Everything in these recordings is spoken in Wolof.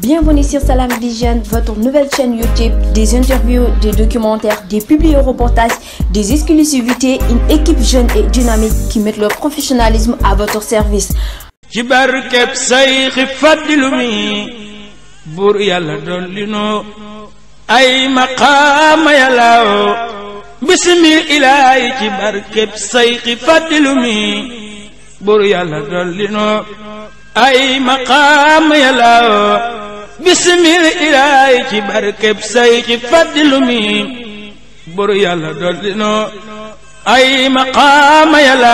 Bienvenue sur Salam Vision, votre nouvelle chaîne YouTube, des interviews, des documentaires, des publi-reportages, des exclusivités, une équipe jeune et dynamique qui met leur professionnalisme à votre service. ci barkeb Sayxi Fadilu mi buur yàlla dolli noo ay maqaama yàllaaw bisimil ilaahi ci barkeb Sayxi Fadilu mi buur yàlla bismil ilaahi ci barkeb say ci faddilu mi buru yàlla doldinoo ay maqaama yàlla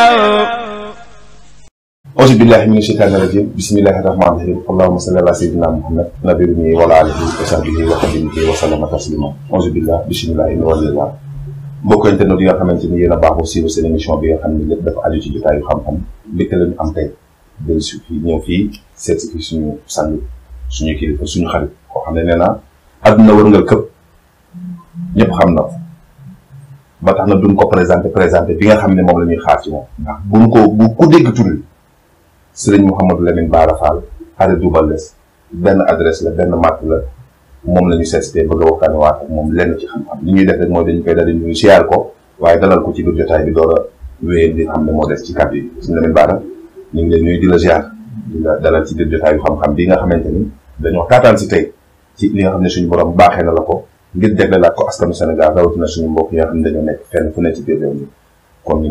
auzu billahi mina sheytaani rajim bismillahi rahmaani rahim allahuma salli ala sayyidina muhammad nabiyyil ummi wa ala alihi wa sahbihi wa xadimihi wa sallama taslima auzu billahi bismillahi walillah mbokk internet yi nga xamante ni yéen a baaxoo siiw seen émission bi nga xam ne lépp dafa aju ci jotaayu xam-xam mbégte lañu am tey dellu si fii ñëw fii seet si fi suñu sànni suñu kilifa suñu xarit koo xam ne nee naa àdduna wërngal këpp ñëpp xam na ko ba tax na duñ ko présenté présenté bi nga xam ne moom la ñuy xaar ci moom ndax buñ ko bu ku dégg tur bi sëriñ Mouhamadou Lamine Bara benn adresse la benn matt la moom lañuy ñu seetee bëgg a waxtaane waat ak moom lenn ci xam-xam li ñuy def rek mooy dañu koy ko waaye dalal ko ci biir jotaay bi door a xam ñu ngi leen nuyu di la siyaar di la dalal xam-xam bi nga xamante dañoo taataan si tey ci li xam ne suñu borom baaxee na la ko ngir jagleelaat ko askanu Sénégal rawatina suñu mbokk yi nga xam ne dañoo nekk fenn fu nekk ci biir réew euh, maa ngi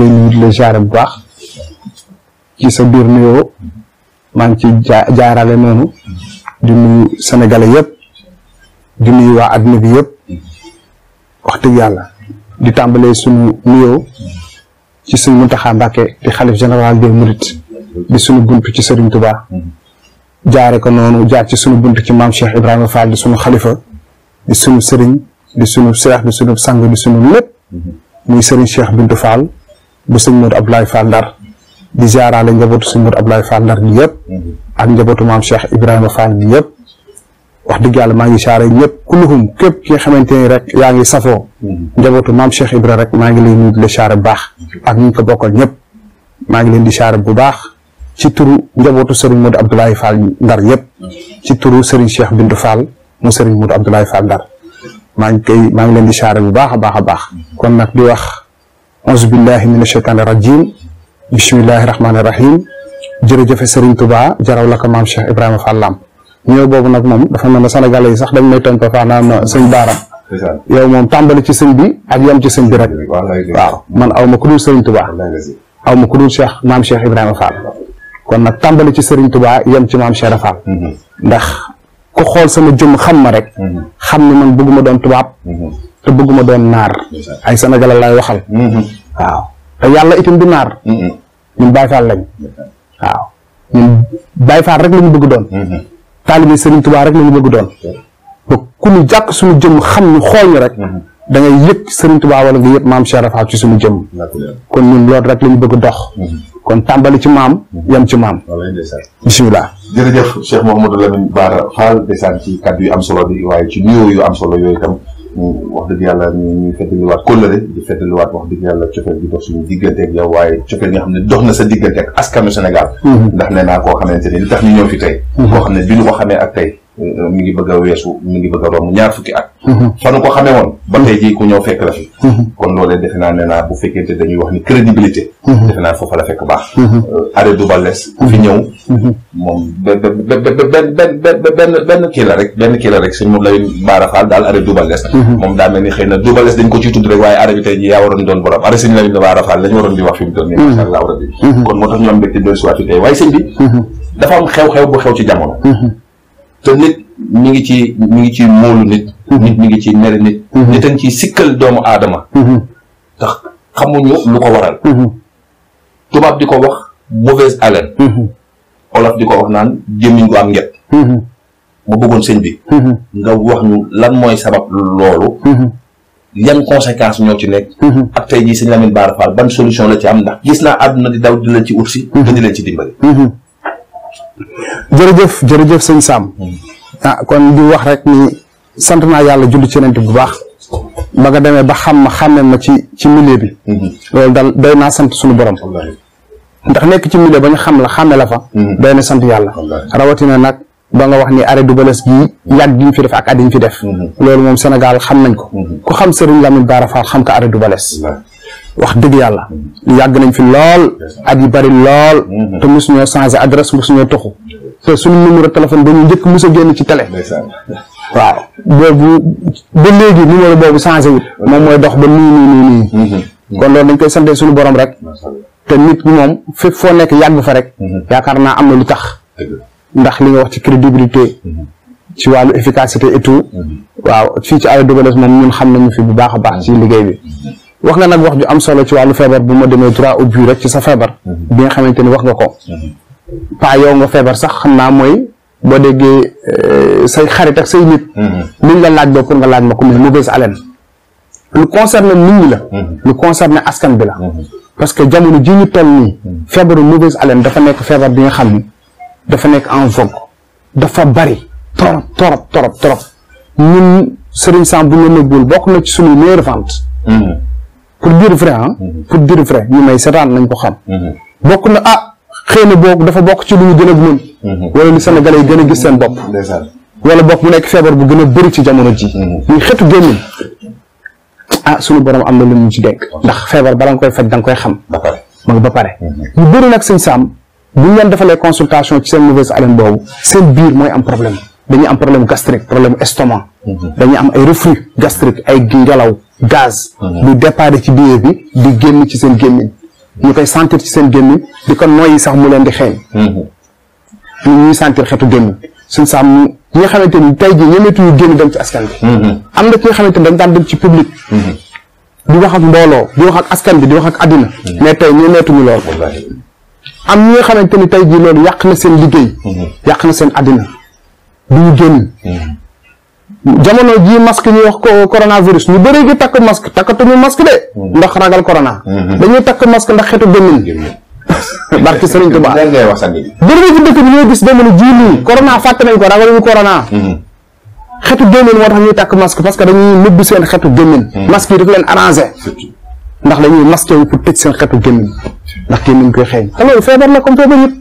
lay bu baax ci sa biir nuyoo ngi ci jaarale noonu di nuyu sénégalais yëpp di nuyu waa adduna bi yëpp wax dëgg yàlla di tàmbalee suñu nuyoo. ci mun Muntaxa Mbàkke di xalif général des Mourides di suñu bunt ci Sëriñ Tuubaa jaare ko noonu jaar ci suñu bunt ci maam Cheikh Ibrahima Fall di suñu xalifa di suñu sëriñ di suñu seex di suñu sang di suñu lépp muy sëriñ Cheikh Bintu Fall bu sëñ Modou Abdoulaye Fall Ndar di jaaraale njabootu sëñ Modou Abdoulaye Fall Ndar bi yëpp ak njabootu maam Cheikh Ibrahima Fall bi yëpp wax dëgg yàlla maa ngi saare ñëpp kulluhum képp ki nga xamante ni rek yaa ngi safoo mm-hmm. njabootu maam Cheikh Ibra rek maa ngi leen nuyu di la saare bu baax ak ñu ko bokkal maa ngi leen di saare bu baax ci turu njabootu Serigne Modou Abdoulaye Fall Ndar yëpp ci turu Serigne Cheikh Bintou Fall mu Serigne Modou Abdoulaye Fall maa ngi koy maa ngi leen di saare bu baax a baax a baax kon nag di wax auzu billahi mina shaytaani rajim bismillahi rahmaani rahim jërëjëfe Serigne Touba jaraw la ko maam Cheikh Ibrahima Fall Lam ñëw boobu nag moom dafa mel ne Sénégalais yi sax dañ may tënk faax naan ma sëñ Baara yow moom tàmbali ci sëñ bi ak yam ci sëñ bi rek waaw man aw ma ku dul Serigne Touba aw ma ku dul Cheikh maam Cheikh Ibrahima Fall kon nag tàmbali ci Serigne Touba yam ci maam Cheikh Fall mm-hmm. ndax ku xool sama jëmm xam ma rek mm-hmm. xam ni man bëgguma doon tubaab mm-hmm. te bëgguma doon naar ay senegal lay waxal te yàlla itam du naar ñun Baye Fall lañ waaw ñun Baye rek la ñu bëgg doon taalibe Serigne Touba rek la ñu bëgg doon ba ku ñu jàkk suñu jëm xam ñu xool ñu rek mhm. da ngay yëg Serigne Touba wala nga yëg maam Cheikh Rafa ci suñu jëm kon mu loolu rek lañu ñu bëgg dox mhm. kon tàmbali ci maam yam mhm. ci maam bisimilah jërëjëf Cheikh Mouhamadou Lamine Bara Fall desaan ci kàddu yu am solo bi waaye ci nuyoo am solo yooyu wax dëgg yàlla ñu ñu fettaliwaat kóllëre di fettaliwaat wax dëgg yàlla cofeel gi dox suñu digganteeg yow waaye cofeel nga xam ne dox na sa digganteeg askanu Sénégal mm-hmm. ndax nee naa koo xamante ni li tax ñu ñëw fi tey mm-hmm. koo xam ne bi ñu ko xamee ak tey Euh, mi ngi bëgg a weesu mi ngi bëgg a romb ñaar fukki at. Mhm. fanu ko xamee woon. ba tey jii ku ñëw fekk la fi. Mhm. kon loolee defe naa ne naa bu fekkente dañuy wax ni mhm. euh, na kon moo tax ñu am mbégte dellusiwaat fi tey waaye sëñ bi. dafa am xew-xew bu xew ci jamono te nit mi ngi ci mu ngi ci móolu nit nit mi ngi ci mere nit mhm. nit a ngi ci sikkal doomu aadama tax mhm. xamuñu lu ko waral mhm. tubaab di ko wax mauvaise haleine olof di ko wax naan gémmiñ gu am nget ma bëggoon sëñ bi nga wax ñu lan mooy sabab loolu yan conséquence ñoo ci nekk ak tey jii sëñ Lamine Bara ban solution la ci am ndax gis naa àdduna di daw di la ci ut si te di leen ci dimbali jërëjëf jërëjëf sëñ Sam ah kon di wax rek ni sant naa yàlla julli ci yonent bu baax ba nga demee ba xam ma xàmmee ma ci ci milieu bi mm-hmm. loolu daal day naa sant suñu borom ndax nekk ci milieu ba ñu xam la xàmme la fa mm-hmm. day na sant yàlla rawatina nag ba nga wax ni arrêt du bales gii yàgg gi ñu fi def ak at yi fi def mm-hmm. loolu moom Sénégal xam nañ ko ku xam Serigne Lamine Bara Fall xam ko arrêt du balees wax dëgg yàlla yàgg nañ fi lool at yu bari lool te mosuñoo changé su mosuñoo toxu te suñu numéro téléphone ba ñu njëkk mos génn ci télé waaw boobu ba léegi numéro boobu changé wut moom mooy dox ba nii nii nii nii mhm. kon loolu dañ koy sante suñu borom rek te nit ñi moom fépp foo nekk yàgg fa rek mhm. yaakaar naa am na lu tax ndax li nga wax ci crédibilité mhm. ci wàllu efficacité et tout waaw fii ci Aïda Dougalass moom ñun xam nañu fi bu baax a baax ci liggéey bi wax nga nag wax ju am solo ci wàllu feebar bu ma demee droit au but rek ci sa feebar mhm. bi nga xamante ni wax nga ko mhm. paa yow nga feebar sax xam naa mooy boo déggee euh, say xarit ak say nit mhm. liñ la laaj ba pour laaj ma ko mais mauvaise haleine lu concerne nit la lu concerne askan bi la parce que jamono ji ñu toll nii feebaru mauvaise haleine dafa nekk feebar bi nga xam ni dafa nekk en vogue dafa bari trop trop trop trop ñun Serigne Sam bu ñu nëbbul bokk na ci suñu meilleure vente pour dire vrai ah. pour dire vrai may seetaan nañ ko xam. Mhm. bokk na ah xëy na boobu dafa bokk ci lu ñu gën a mën. wala lu Sénégalais yi gën a gis seen bopp. wala bokk mu nekk feebar bu gën a bëri ci jamono ji. Mhm. muy xetu gémmiñ ah suñu borom am na lu mu ci dénk. ndax feebar bala nga koy faj da nga koy xam. ba pare mooy pare. ñu bëri nag seen saam bu ñu leen defalee consultation ci seen mauvaise haleine boobu seen biir mooy am problème dañuy am problème gastrique problème estomac. dañuy am ay reflux gastrique ay ngelaw gaz. bu départ ci biir bi di génn ci seen gémmiñ ñu koy sentir ci seen gémmiñ di ko noyyi sax mu leen di xeeñ. ñu mhm. ñuy sentir xetu gémmiñ suñ sax ñi nga xamante ni tey jii génn dem ci askan mhm. am na ki xamante ni dañ daan dem ci public. Mhm. di wax ak mbooloo di ak askan bi di ak àddina. mais tey ñemetuñu lool. am ñi nga xamante ni tey jii loolu yàq na seen liggéey. yàq na seen àddina duñu génn. jamono jii masque ñuy wax ko coronavirus ñu bëri gi takk masque takkatuñu masque de. Mm-hmm. ndax ragal corona. Mm-hmm. dañuy takk masque ndax xeetu gémmiñ. barki Sëriñ Tuubaa lan ngay wax sa bëri na ci dëkk bi ñoo gis jamono jii nii corona fàtte nañ ko ragaluñu corona. Mm-hmm. xeetu gémmiñ moo tax ñuy takk masque parce que dañuy nëbb seen xeetu gémmiñ. masque yi dafa leen arrangé. ndax dañuy masqué wu pour tëj seen xeetu gémmiñ ndax gémmiñ koy xeeñ te loolu feebar la comme feebar yëpp.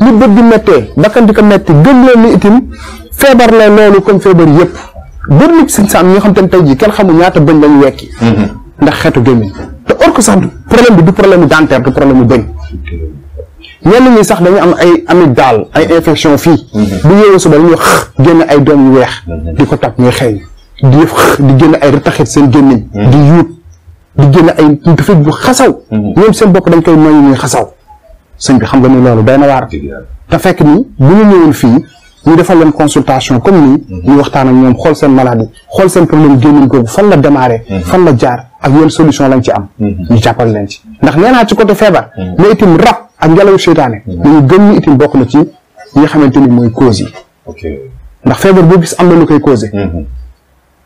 nit bët di méttee bakkan di ko métti gëm leen ni itim feebar la loolu comme feebar yëpp. ba nit sëñ saam ñi nga xam te ne tey jii kenn xamul ñaata bëñ lañu wekki mm-hmm. ndax xeetu gémmiñ te or que sax problème bi du problème mu dentaire du problème mu bëñ ñenn ñi sax dañu am ay amit daal ay infection fii mm-hmm. bu yeewoo suba dañuy xëx génn ay doom yu weex di ko tap ñuy xeeñ di xëx di génn ay rëtaxit seen gémmiñ mm-hmm. di yuut di génn ay dafay bu xasaw ñoom seen bopp dañ koy noyyi ñuy xasaw sëñ bi xam ga ni loolu day na waar te fekk ni bu ñu ñëwoon fii ñu defal leen consultation comme nii mhm. ñu waxtaan ak ñoom xool seen maladie xool seen problème gémmiñ googu fan la démarré mhm. fan la jaar ak yenn solution lañ ci am mhm. ñu jàppal leen ci ndax nee naa ci côté feebar mais itam ra ak ngelawu seytaane dañu gëm ñu itam bokk na ci yi nga xamante ni mooy cause yi ndax feebar boo am na lu koy causé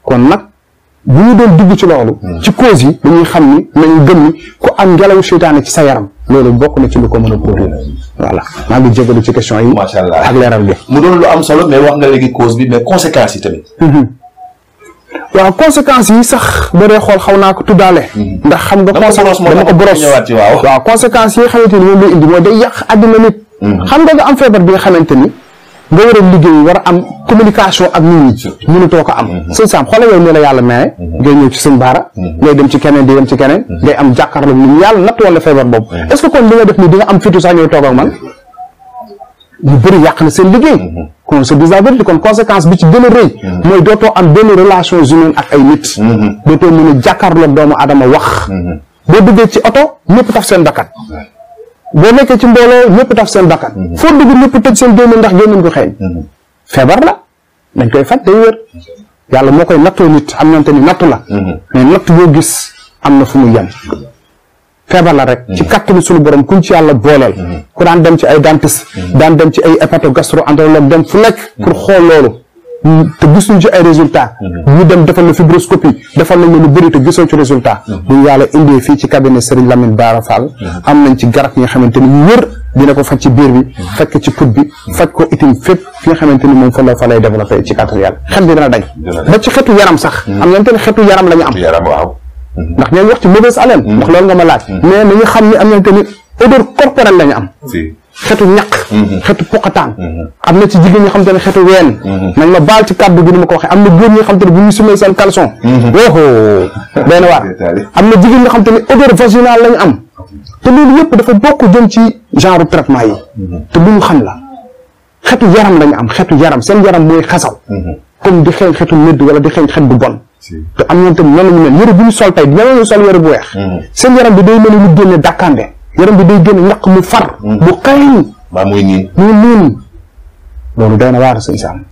kon nag bu mu doon dugg ci loolu. Hmm. ci cause yi dañuy xam ni nañu gëm ni ku am ngelawu seytaane ci sa yaram. loolu bokk na ci lu ko mën a produire. Hmm. voilà maa ngi jégalu ci question yi. macha allah ak leeral bi. mu doon lu am solo mais wax nga léegi cause bi mais conséquences yi tamit. Hmm. waaw conséquences yi sax ba xool xaw naa ko tuddaale. ndax xam nga. conséquence dama ko boros waaw. waaw conséquences yi nga xamante ni moom lay indi mooy day yàq àddina nit. xam nga nga am feebar bi nga xamante ni. nga war liggéey war a am communication ak nit ñi mënutoo ko am mhm. sëñ Sam xoolal yow ne la yàlla maye mhm. ngay ñëw ci sëñ Baara mhm. ngay dem ci keneen di dem ci keneen ngay am jàkkaarloo nit ñi yàlla natt wala feebar boobu est que kon li nga def nii di am fitu sax ñëw toog ak man ñu bëri yàq na seen liggéey kon c'est désavérité kon conséquence bi ci gën a rëy mooy dootoo am benn relations humaines ak ay nit dootoo mën a jàkkaarloo doomu adama wax boo duggee ci oto ñëpp taf seen bakkat boo nekkee ci mbooloo ñëpp taf seen bakkan mhm. foo dugg ñëpp tëj seen gémmiñ ndax gémmiñ gu xeeñ mhm. feebar la dañ koy faj day yàlla moo koy nattoo nit am nante ni nattu la mhm. mais natt boo gis am na fu mu yem feebar la rek ci katt kattanu suñu borom kuñ ci yàlla booleel ku daan dem ci ay dentiste daan dem ci ay hépato gastro entérologue dem fu nekk pour xool loolu te gisuñ ci ay résultat mhm. ñu dem defal la fibroscopie defal lañ lu bëri te gisoo ci résultat mhm. bu yàlla indee fii ci cabinet Serigne Lamine Bara Fall mhm. am nañ ci garab yi nga xamante ni ñu wër dina ko faj ci biir bi faj ko ci put bi ko fépp fi nga xamante ni moom fa la fa lay développé ci kàttan yàlla xel bi dana dañ ba ci xetu yaram sax am nañ te xetu yaram la ñu am ndax ñooy wax ci mauvaise haleine ndax loolu nga ma laaj nañu xam ni am nañ te ni odeur corporelle la ñu am xetu ñaq mhm. xetu poqataan mhm. am na ci jigéen ñi xam te ne xetu ween mhm. nañ ma baal ci kàddu gi ni ma ko waxee am na góor ñi xam te bu ñu sumay seen caleçon woohoo benn waar am na jigéen ñi xam te ne odeur vaginale lañ am te loolu yëpp dafa bokk jëm ci genre traitement yi te bu ñu xam la xetu yaram lañ am xetu yaram seen yaram mooy xasaw comme di xeeñ xetu mëdd wala di xeeñ xet bu bon te am na tamit noonu la ñu mel yëre bu ñu sol tey ñoo ñu sol yëre bu weex seen yaram bi day mel ni lu génne dàkkande yaram bi day génn ñaq mu far. bu mm. xëy. mbaa muy niin muy niin loolu doy na waar sëñ Sam.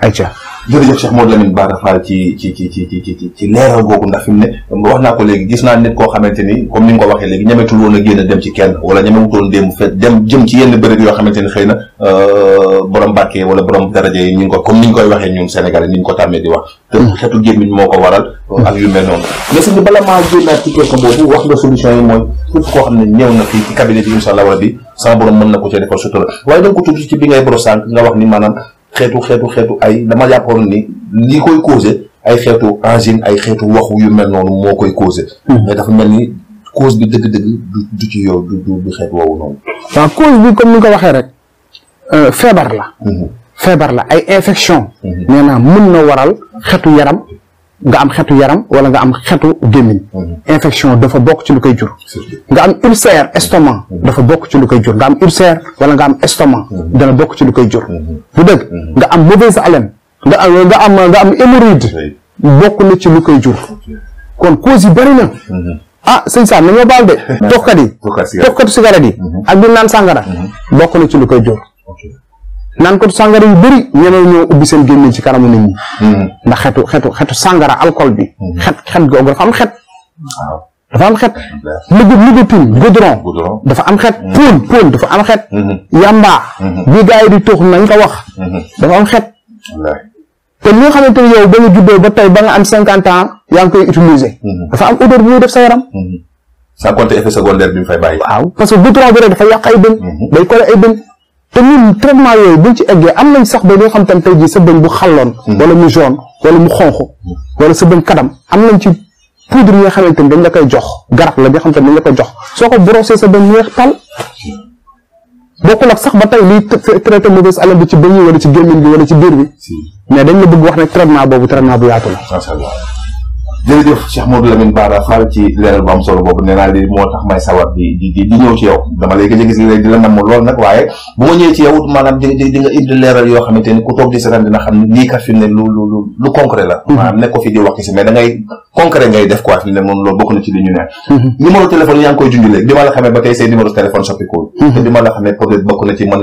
ayca. jërëjëf Cheikh Modou Lamine Bara Fall ci ci ci ci ci ci ci leeral googu ndax fi ne wax naa ko léegi gis naa nit koo xamante ni comme ni nga ko waxee léegi ñametul woon a génn dem ci kenn wala ñamewutoon euh, ko waxee ñun Sénégalais ni ko tàmmee di wax te hmm. xetu gémmiñ moo ko waral hmm. ak yu mel noonu mais sëñ bi bala maa génnaat ci question boobu wax nga solution yi mooy képp koo xam ne ñëw na fii ci cabinet bi incha allah wala sama borom mën na ko cee defal sutura waaye da nga ko bi ngay boro sànq nga wax ni maanaam xeetu xeetu xeetu ay dama jàppoon ni li koy causé ay xeetu angine ay xeetu waxu yu mel noonu moo koy causé. Hmm. mel ni cause bi dëgg-dëgg du du ci yow du du xeetu woowu noonu. waaw cause bi comme ni ko waxee rek euh, feebar la. Hmm. feebar la ay infection hmm. nee naa mën na waral xeetu yaram nga am xeetu yaram wala nga am xeetu gémmiñ mhm. infection dafa bokk ci lu koy jur nga am ulcère estomac mhm. dafa bokk ci lu koy jur nga am ulcère wala nga am estomac mhm. dana bokk ci lu koy jur bu nga am mauvaise haleine nga am nga am nga am hémorroïde bokk na ci lu koy jur kon cause yi bëri na ah sëñ Saam na ñoo baal de toxkat yi toxkatu cigarette yi ak bi naan sàngara bokk na ci lu koy jur naan ko sàngara yu bëri ñemee ñoo ubbi seen gémmiñ ci kanamu nit ñi. Hmm. ndax xetu xetu xetu sàngara alcool bi. Hmm. xet xet googu dafa am xet. dafa am xet. lugub lugubin dafa am xet. poon poon dafa am xet. Hmm. yamba. bi gars yi di tuux nañ ko wax. dafa am xet. te li nga xamante ni yow ba nga juddoo ba tey ba nga am cinquante ans yaa ngi koy utiliser. dafa am odeur yaram. sans compter bi mu dafa yàq ay dënn. day ay dënn. te ñun traitement yooyu buñ ci eggee am nañ sax ba ñoo xam tam tey jii sa bëñ bu xalloon mm. wala mu jaune wala mu xonq mm. wala sa bëñ kadam am nañ ci poudre yi nga xamante ni dañ la koy jox garab la nga xam te dañ la koy jox soo ko brossé sa bëñ weex tal mm. bokkul ak sax ba tey liy traité mauvaise haleine bi ci bëñ yi wala ci gémmiñ bi wala ci biir bi mais dañ la bëgg wax ne traitement boobu traitement bu yaatu la jërëjëf Cheikh Modou Lamine Bara Fall ci leeral bu am solo boobu nee naa li moo tax may sawar di di ñëw ci yow dama lay gis léegi di la namm lool nag waaye bu ma ñëwee ci yow maanaam di di nga indi leeral yoo xamante ni ku toog di seetaan dina xam ne lii kat fi ne lu lu lu lu concret la mhm. maanaam nekk ko fi di wax si mais da ngay concret ngay def quoi fi mu ne moom loolu bokk na ci li ñu ne mhm. numéro téléphone yaa ngi koy junj léegi bi ma la xamee ba tey say numéro téléphone soppikuwul mhm. te la xamee peut-être bokk na ci mën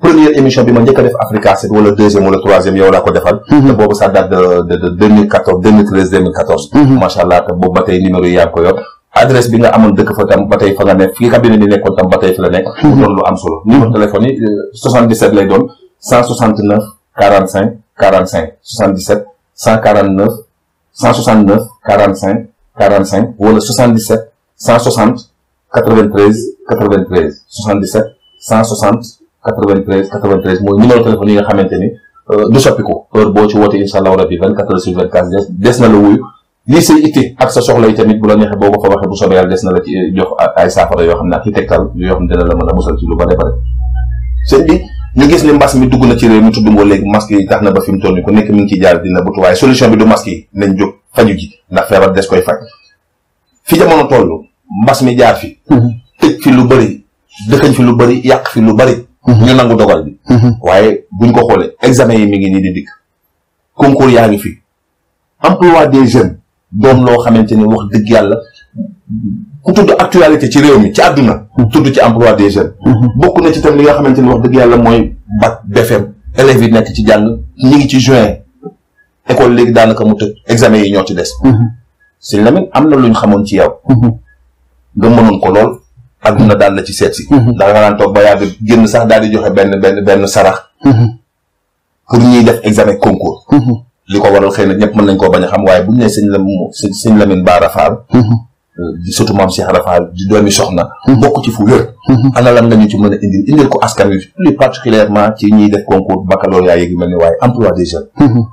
première émission bi ma njëkk a def Africa 7 wala deuxième wala troisième yow laa ko defal mhm. te boobu ça date de de 2014 2013 2014 macha allah te boobu ba tey numéro yi yaa ko yor adresse bi nga amoon dëkk fa tam ba fa nga nekk fii cabinet bi nekkoon tam ba fi la nekk mhm. mu lu am solo numéro téléphone yi 77 euh, lay doon 169 45 45 77 149 169 45 45 wala 77 160 93 93 77 160 93 93 mooy numéro téléphone yi nga xamante ni euh, du soppiku heure boo ci woote incha allahu rabi 24 heures sur 24 des des na la wuyu lii say itte ak sa soxla yi tamit bu la neexee boo ko fa waxee bu soobee yàlla des na la ci eh, jox ay saafara yoo xam ne ak i tegtal yoo xam ne dina la mën a musal ci lu bare bare sëñ bi ñu gis ne mbas mi dugg na ci réew mi tudd nga léegi masque yi tax na ba fi mu toll nii ku nekk mi ngi ciy jaar dina butu waaye solution bi du masque yi nañ jóg faju ji ndax feebar des koy faj fi jamono toll mbas mi jaar fi mm-hmm. tëj fi lu bëri dëkkañ fi lu bëri yàq fi lu bëri Mhm. ñu nangu dogal bi. Mhm. waaye buñ ko xoolee examen yi mi ngi nii di dikk. concours yaa ngi fi. emploi des jeunes doom loo xamante ni wax dëgg yàlla ku tudd actualité ci réew mi ci àdduna. Mhm. tudd ci emploi des jeunes. bokk na ci tam li nga xamante ni wax dëgg yàlla mooy bac BFEM élèves yi nekk ci jàng ñi ngi ci juin école léegi daanaka mu tëj examen yi ñoo ci des. si la am na luñ xamoon ci yow. nga mënoon ko lool. adduna daal la ci seet si mhm. ndax nga naan toog ba yàgg génn sax daal di joxe benn benn benn sarax mhm. pour ñuy def examen concours mhm. li ko waral xëy na ñëpp man nañ koo bañ a xam waaye bu ñu nee sëñ lam sëñ Lamine Bara Fall euh, surtout maam Cheikh Rafaal di doomi soxna bokk ci fu wér ana lan nga ñu ci mën a indil indil ko askan wi plus particulièrement ci ñuy def concours baccalauréat yeeg yu mel ni waaye emploi des jeunes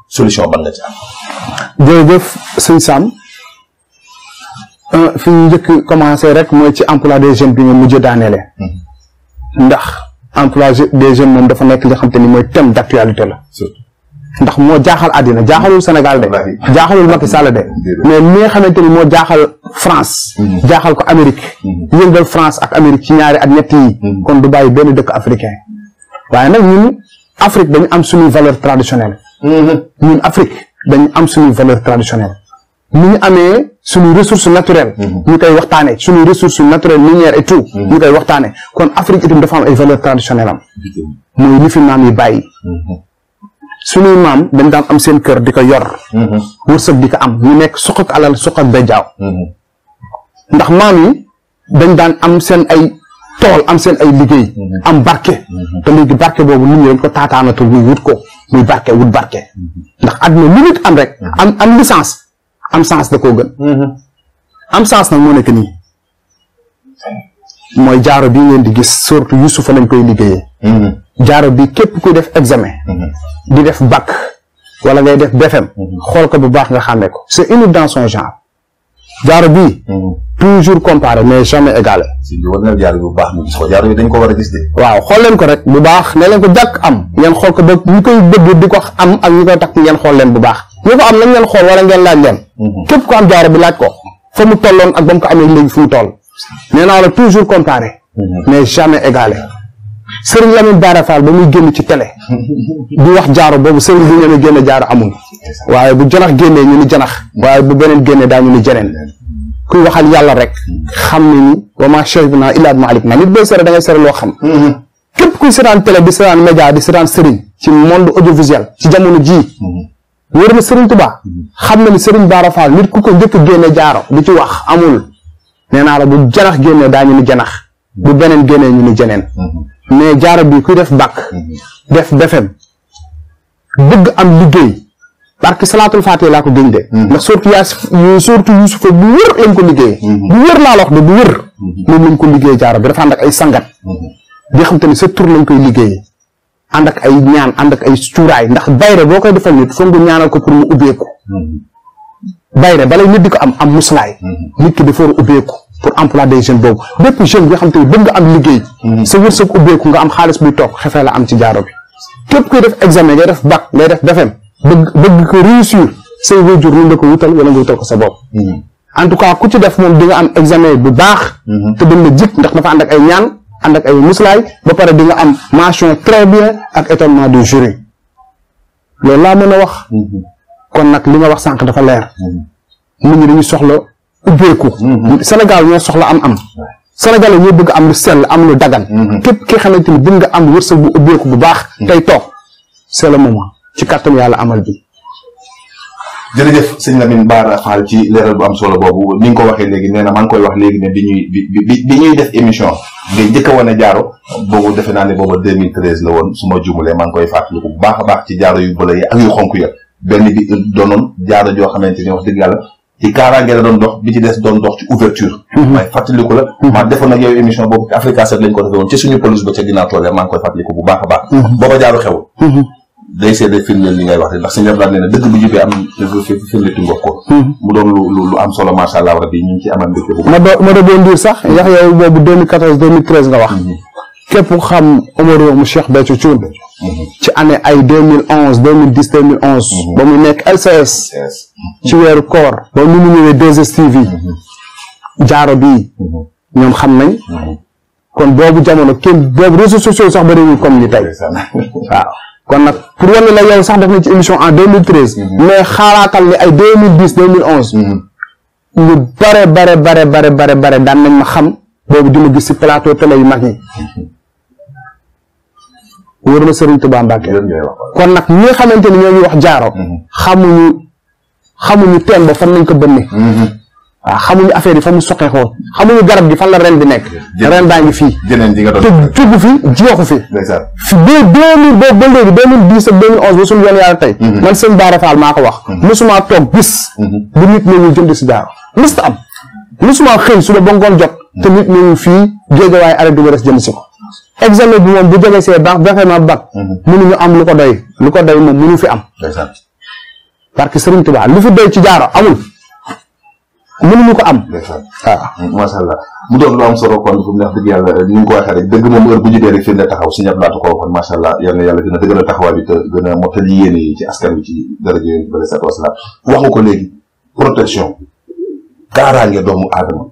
solution ban nga ci am jërëjëf sëñ Sam Euh, fi ñu njëkk commencé rek mooy ci emploi des jeunes bi nga mujj daaneele mhm. ndax emploi des jeunes moom dafa nekk li xam te ni mooy thème d' la ndax moo jaaxal àddina jaaxalul Sénégal de jaaxalul Macky Sall de mais li nga xamante ni moo jaaxal France mhm. jaaxal ko Amérique mhm. yëngal France ak Amérique ci ñaari at ñett kon du bàyyi benn dëkk africain waaye nag ñun Afrique dañu am suñuy valeur traditionnelle ñun Afrique dañu am suñuy valeur traditionnelle amee suñu ressource naturelle mhm. ñu koy waxtaane suñu ressource naturelle minière et tout mhm. ñu koy waxtaane kon Afrique itam dafa am ay valeurs traditionnelles am mooy li fi maam yi bàyyi mhm. suñuy maam dañ daan am seen kër di ko yor wërsëg di ko am ñu nekk suqak alal suqak bajaaw ndax maam yi dañ daan am seen ay tool am seen ay liggéey am barke te léegi barke boobu nit ñi dañ ko taataanatul muy wut ko muy barke wut barke ndax àdduna lu nit am rek am am licence am sens da koo gën. am nag moo nekk nii mooy jaaro bi ngeen di gis surtout Yusufa lañ koy liggéeye jaaro bi képp kuy def examen. di def bac wala ngay def BFM. xool ko bu baax nga xàmmee ko c'est unique dans son genre. jaaro bii. toujours comparé mais jamais égalé. si bi bu baax ñu gis ko jaaro bi dañ ko war a gis waaw xool ko rek bu baax ne leen jàkk am ngeen xool ko ba ñu koy bëgg di ko am ak ñu koy takk ngeen xool leen bu baax. ñi ko am nañ leen xool wala ngeen laaj leen mhm. képp ko am jaaro bi laaj ko fa mu tolloon ak ba ko amee léegi fu mu toll nee naa la toujours comparé mhm. mais jamais égalé Sëriñ Lamine Bara Fall ba muy génn ci télé di wax jaaro boobu sëriñ bi ñeme génne jaaro amuñ waaye bu janax génnee ñu ni janax waaye bu beneen génne daa ñu ni jeneen kuy waxal yàlla rek xam ne ni wa maa shahidnaa illaa bimaa alimnaa nit booy sere da ngay sere loo xam mhm. képp kuy seetaan télé di seetaan média di seetaan sëriñ ci monde audiovisuel ci jamono wër na Serigne Touba mm-hmm. xam na ni Serigne Bara Fall nit ku ko njëkk a jaaro di ci wax amul nee naa la bu janax génnee daañu ni janax mm-hmm. bu beneen génnee ñu ni jeneen mm-hmm. mais jaaro bi kuy def bàkk def defem bëgg am liggéey parce que salaatul faatee laa ko gëñ de ndax surtout yaa surtout Yuusufa bu wër lañ ko liggéeyee bu wër laa wax de bu wër moom lañ ko liggéeyee jaaro bi dafa ànd ak ay sangat di xam te ne sa lañ koy liggéeye ànd ak ay ñaan ànd ak ay cuuraay ndax bayre boo koy defal nit foog nga ñaanal ko pour mu ubbeeku mm-hmm. bayre balay nit di ko am am muslaay mm-hmm. nit ki dafa war a ubbeeku pour emploi des jeunes boobu bépp jeune bi xam te bëgg liggéey mm-hmm. sa wërsëg ubbeeku nga xaalis buy toog xefee la am ci jaaro bi képp kuy def examen ngay def bac ngay def BFEM bëgg bëgg ko réussir say waajur ñu la ko wutal wala nga wutal ko sa bopp en tout cas ku ci def moom di nga am examen bu baax te dañ la jik ndax dafa ànd ak ay ñaan ànd ak ay muslaay ba pare di nga am mention très bien ak étonnement de jury loolu laa mën a wax mhm. kon nag li nga wax sànq dafa leer mhm. nit ñi dañu soxla ubbeeku mhm. senegal ñoo soxla am am Sénégalais ñoo bëgg am lu sell am lu dagan képp ki xamante ni bëgg nga am wërsëg bu ubbeeku bu baax tey toog c'est le moment ci kàttanu yàlla amal bi jërëjëf sëñ Lamine Bara Fall ci leeral bu am solo boobu ni nga ko waxee léegi nee na maa wax léegi ne bi ñuy ñuy def émission ngay njëkk a wane jaaro boobu defe naa ne booba 2013 la woon su ma juumalee maa ngi koy fàttaliku bu baax a baax ci jaaro yu bële ak yu xonk ya benn bi jaaro joo xamante ni wax dëgg yàlla ci kaaraange la doon dox bi ci des doon dox ci ouverture mhm. mhm. maa defoon ak yow émission boobu ci Africa 7 lañ ko defee woon ci suñu police ba ca ginnaaw toole maa ngi koy fàttaliku bu baax a baax mhm. booba jaaro xewul day seede firndeel li ngay wax ndax sëñ Abdoulaye nee na dëgg bu jubee am firnde tu ngox ko hmm. mu doon lu am solo macha allah rabi ñu ngi ci amal mbégte bu ma sax hmm. yax yow boobu 2014 2013 nga wax hmm. képp xam Omaro mu Cheikh Béthio Thioune ci année ay 2011 2010 2011 ba mu nekk LCS ci weeru koor mu mu ñëwee 2STV jaaro bi ñoom xam nañ kon boobu jamono kenn boobu réseaux sociaux sax bëriwul comme ni tey kon nag pour wane la yow sax def na ci émission en 2013. Mhm. mais xaaraatal ni ay 2010 2011. ñu bare bare bare bare bare bare daan nañ ma xam boobu di ma gis si plateau télé yu mag yi. Mhm. wóor na Serigne Touba Mbacke. kon nag ñi nga xamante ni ñoo ñu wax jaaro. Mhm. xamu xamuñu teen ba fan nañ ko bënne. waaw xamuñu affaire yi fa mu soqeekoo xamuñu garab gi fan la ren bi nekk. ren baa ngi fii. jëneen ji nga doon te tugg fi jiwaxu fi. fi deux deux mille ba ba léegi deux mille dix ak deux mille onze ba suñu yoon yàlla tey. Mhm. man sëñ Bara Fall maa ko wax. mosuma mhm. toog bis. Mhm. bu nit ñi ñu jënd si dara mosut am mosuma xëy suba ba ngoon jot. te nit ñi ñu fii géejawaay arrêt du res jënd si ko. examen bi moom bu jógee see baax vraiment baax. mënuñu am lu ko doy. lu ko doy moom mënu fi am. parce que Serigne Touba lu fi doy ci jaaro amul mënuñu ko am. waaw ah. macha allah mu doon loo am solo kon fu mu neex dëgg yàlla ni nga ko waxee rek dëgg moom heure bu jotee rek fi mu ne taxaw si ñëpp laatu ko kon macha yal na yàlla dina dëggal taxawaay bi te gën a mottali yéene ci askan wi ci daraja yi bële sa wasalaam ko léegi protection kaaraange doomu aadama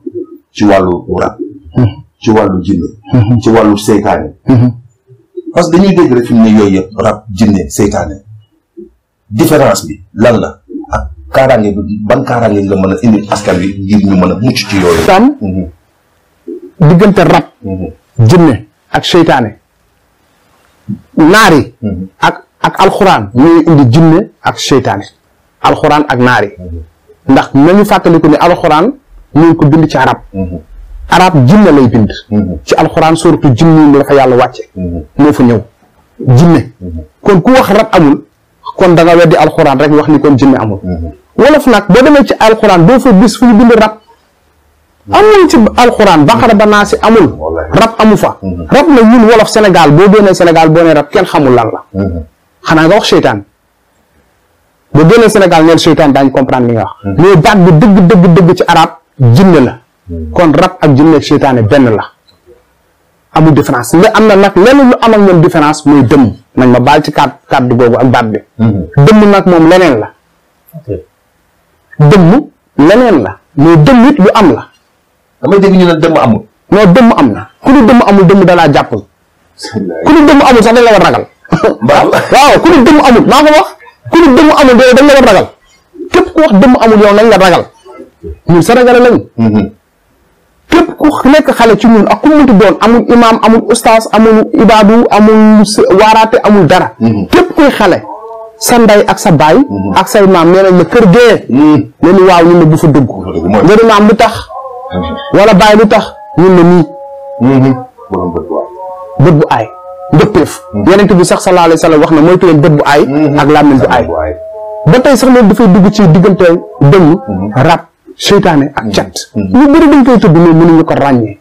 ci wàllu rab hmm. ci wàllu jinne hmm. ci wàllu seytaane hmm. parce que dañuy dégg rek fi mu ne yooyu yëpp rab jinne seytaane différence bi lan la kaaraange bi ban kaaraange nga mën a indi askan wi ngir ñu mën a mucc ci yooyu. daan mhm. diggante rab. Mhm. jinne ak seytaane. naari. Mhm. ak ak alxuraan. ñooy indi jinne ak seytaane. alxuraan ak naari. ndax nañu fàttaliku ne alxuraan ñooy ko bind ci arab. arab jinne lay bind. ci alxuraan surtout jinne yi dafa yàlla wàcce. moo fa ñëw jinne. kon ku wax rab amul kon da nga weddi alxuraan rek wax ni kon jinne amul. wolof nag boo demee ci alxuraan doo fa gis fu ñu bind rab amul ci alxuraan baqara ba naa si amul rab amu fa mm-hmm. rab na ñun wolof Sénégal boo génnee rab kenn xamul lan la mm-hmm. xanaa nga wax seytaan boo génnee Sénégal neen seytaan daañ comprendre li nga wax mm-hmm. mais baat bi dëgg jinne la kon rab ak jinne ak benn la amul différence mais am na nag leneen lu am ak ñoom différence mooy dëmm nag ma baal ci kàddu kàddu googu ak baat bi dëmm nag moom leneen la dëmm leneen la mais dëmm it am la. damay dégg ñu ne dëmm amul. non dëmm am na ku ñu dëmm amul dëmm dalaa jàppul. ku ñu dëmm amul sax dañ la war ragal. waaw ku ñu dëmm amul maa ko wax ku la war ragal képp ku wax amul yow nañ la ragal ñun Sénégalais lañ. Mm-hmm. képp ku nekk xale ci ñun ak ku mënti doon amul imaam amul ustaas amul ibaadu amul waaraate dara. Mm-hmm. képp kuy xale. sa ndey ak sa baay. Mhm. ak say maam nee la kër gee. leen mhm. waaw ñun la bu fa dugg. nga di maam lu tax. Mhm. wala baay lu tax ñun la nii. bët bu aay ndëppeef. yonent bi sax sallallahu alayhi wax na moytu leen bët bu aay. ak làmmiñ bu aay. ba tey sax loolu dafay dugg ci diggante dëng. rab seytaane ak cat. ñu bëri dañ koy tudd mais ko ràññee.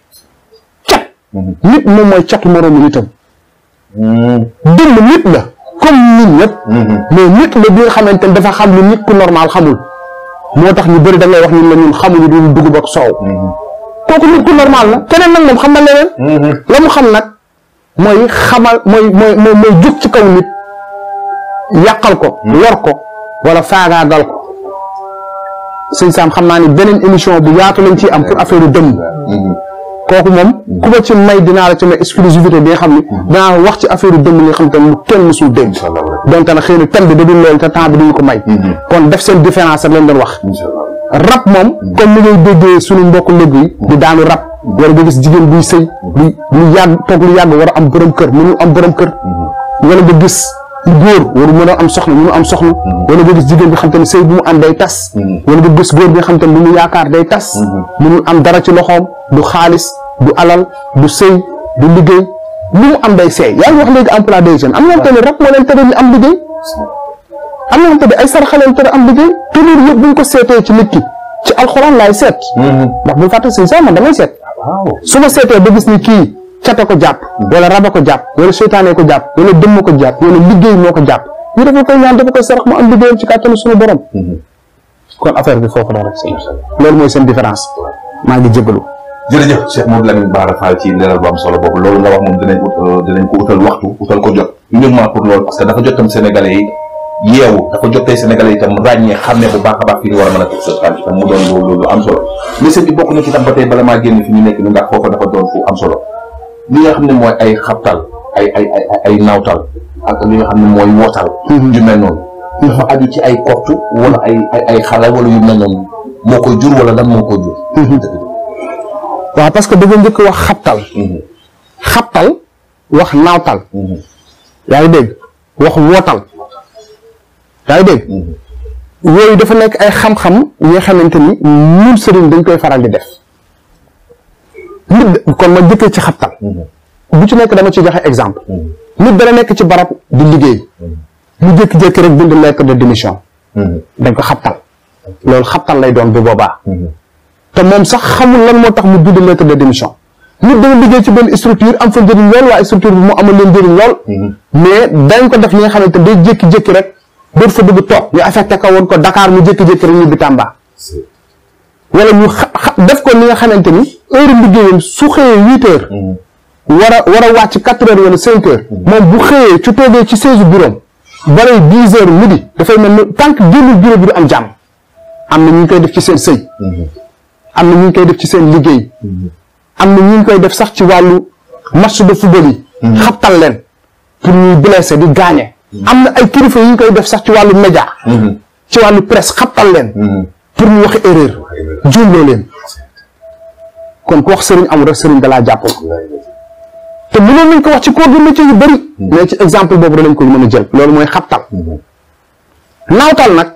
cat. nit moom mooy catu moroomu nitam. dëng nit la. comme ñun ñëpp. Mm-hmm. mais nit la bi nga xamante ne dafa xam lu nit ku normal xamul. moo tax ñu bëri da ngay wax ñun la ñun xamuñu duñ dugub ak soow. Mm-hmm. kooku nit ku normal la keneen nag moom xam na leneen. Mm-hmm. la mu xam nag mooy xamal mooy mooy mooy jóg ci kaw nit. yàqal ko. lor ko wala faagaagal ko. sëñ Sam xam naa ni beneen émission bu yaatu lañ ciy am pour affaire yu dëmm. kooku moom ku ma ci may dinaa la ci may exclusivité bi nga xam ni dinaa wax ci affaire yu dëmb li xam te mu kenn musul dégg donc nag xëy na thème bi da dul loolu te temps bi ko may mm-hmm. kon def seen différence ak leen doon wax rab moom mm-hmm. comme ni ngay déggee suñu di daanu rab mm-hmm. war nga gis jigéen buy sëy lu lu yàgg toog lu yàgg war a am borom kër mënul am borom kër gis ku góor waru mën a am soxna mënu am soxna mm-hmm. wala nga gis jigéen bi xam te ne sëy bu mu am day tas mm-hmm. wala nga gis góor bi xam te ne lu mu yaakaar day tas mm-hmm. mënul am dara ci loxoom du xaalis du alal du sëy du liggéey lu mu am day seey yaa ngi wax léegi emploi des jeunes am na te ne rab moo leen tere ñu am liggéey am na te ne ay saraxa leen tere am liggéey te loolu yëpp bu ñu ko seetee ci nit ki ci alxuraan laay seet ndax bu fàtte sëñ sax man damay seet su ma seetee ba gis ni kii cata ko jàpp wala raba ko jàpp wala seytaane ko jàpp wala dëmm ko jàpp wala liggéey moo ko jàpp ñu dafa koy ñaan dafa koy sarax mu am liggéeyam mhm. différence maa ngi jégalu jërëjëf Cheikh Modou Lamine Bara Fall solo boobu loolu nga euh, ko utal waxtu utal ko jot uniquement pour loolu parce que dafa jot tam sénégalais yi yeewu a baax a mën a am solo mais sëñ bokk na ci tam ba tey bala maa génn fi ñu nekk ni ndax foofa dafa doon fu am solo li nga xam ne mooy ay xabtal ay ay ay ay nawtal ak xam ne mooy wootal. Mhm. yu mel noonu. Mhm. dafa ci ay kortu wala ay ay ay xale yu mel noonu moo koy jur wala lan mhm. parce que dafa njëkk wax xabtal. xabtal wax nawtal. yaa ngi dégg wax wootal. yaa ngi dégg. yooyu dafa nekk ay xam-xam yi nga xamante ni ñun sëriñ dañ koy faral di def. nit kon ma jëkkee ci xabtal mm-hmm. bu ci nekk dama ci joxe exemple mm-hmm. nit dana nekk ci barab di liggéey mm-hmm. mu jékki-jékki rek bind lettre de démission dañ ko xabtal loolu xabtal lay doon bi boobaa te moom sax xamul lan moo tax mu bind lettre de démission nit dana liggéey ci benn structure am fa njëriñ lool waa structure bi mu amal leen njëriñ lool mais dañ ko def li nga xamante day jékki-jékki rek doot fa dugg toog ñu affecté ko woon ko Dakar mu jékki-jékki rek ñu bi Tamba wala ñu def ko li nga xamante ni heure liggéeyam su xëyee huit heures. Mm-hmm. war a war a wàcc quatre heures wala cinq mm-hmm. moom bu ci toogee ci seize bureau am balay dix heures midi dafay mel ni tant que génnul bi du am jàmm am na ñu ngi koy def ci seen sëy. Mm-hmm. am na ñu ngi koy def ci seen liggéey. am na ñu ngi koy def sax ci wàllu match de football yi. leen pour ñuy blessé di gaañe. am na ay kilifa yu ñu koy def sax ci wàllu média. ci wàllu presse xabtal leen. pour ñu wax erreur juumloo leen. kon ku sëriñ am rek sëriñ da laa jàppal te mënoon nañ ko wax ci corps de métier yu bëri mais ci exemple boobu rek lañ ko mën a jël loolu mooy xabtal nawtal nag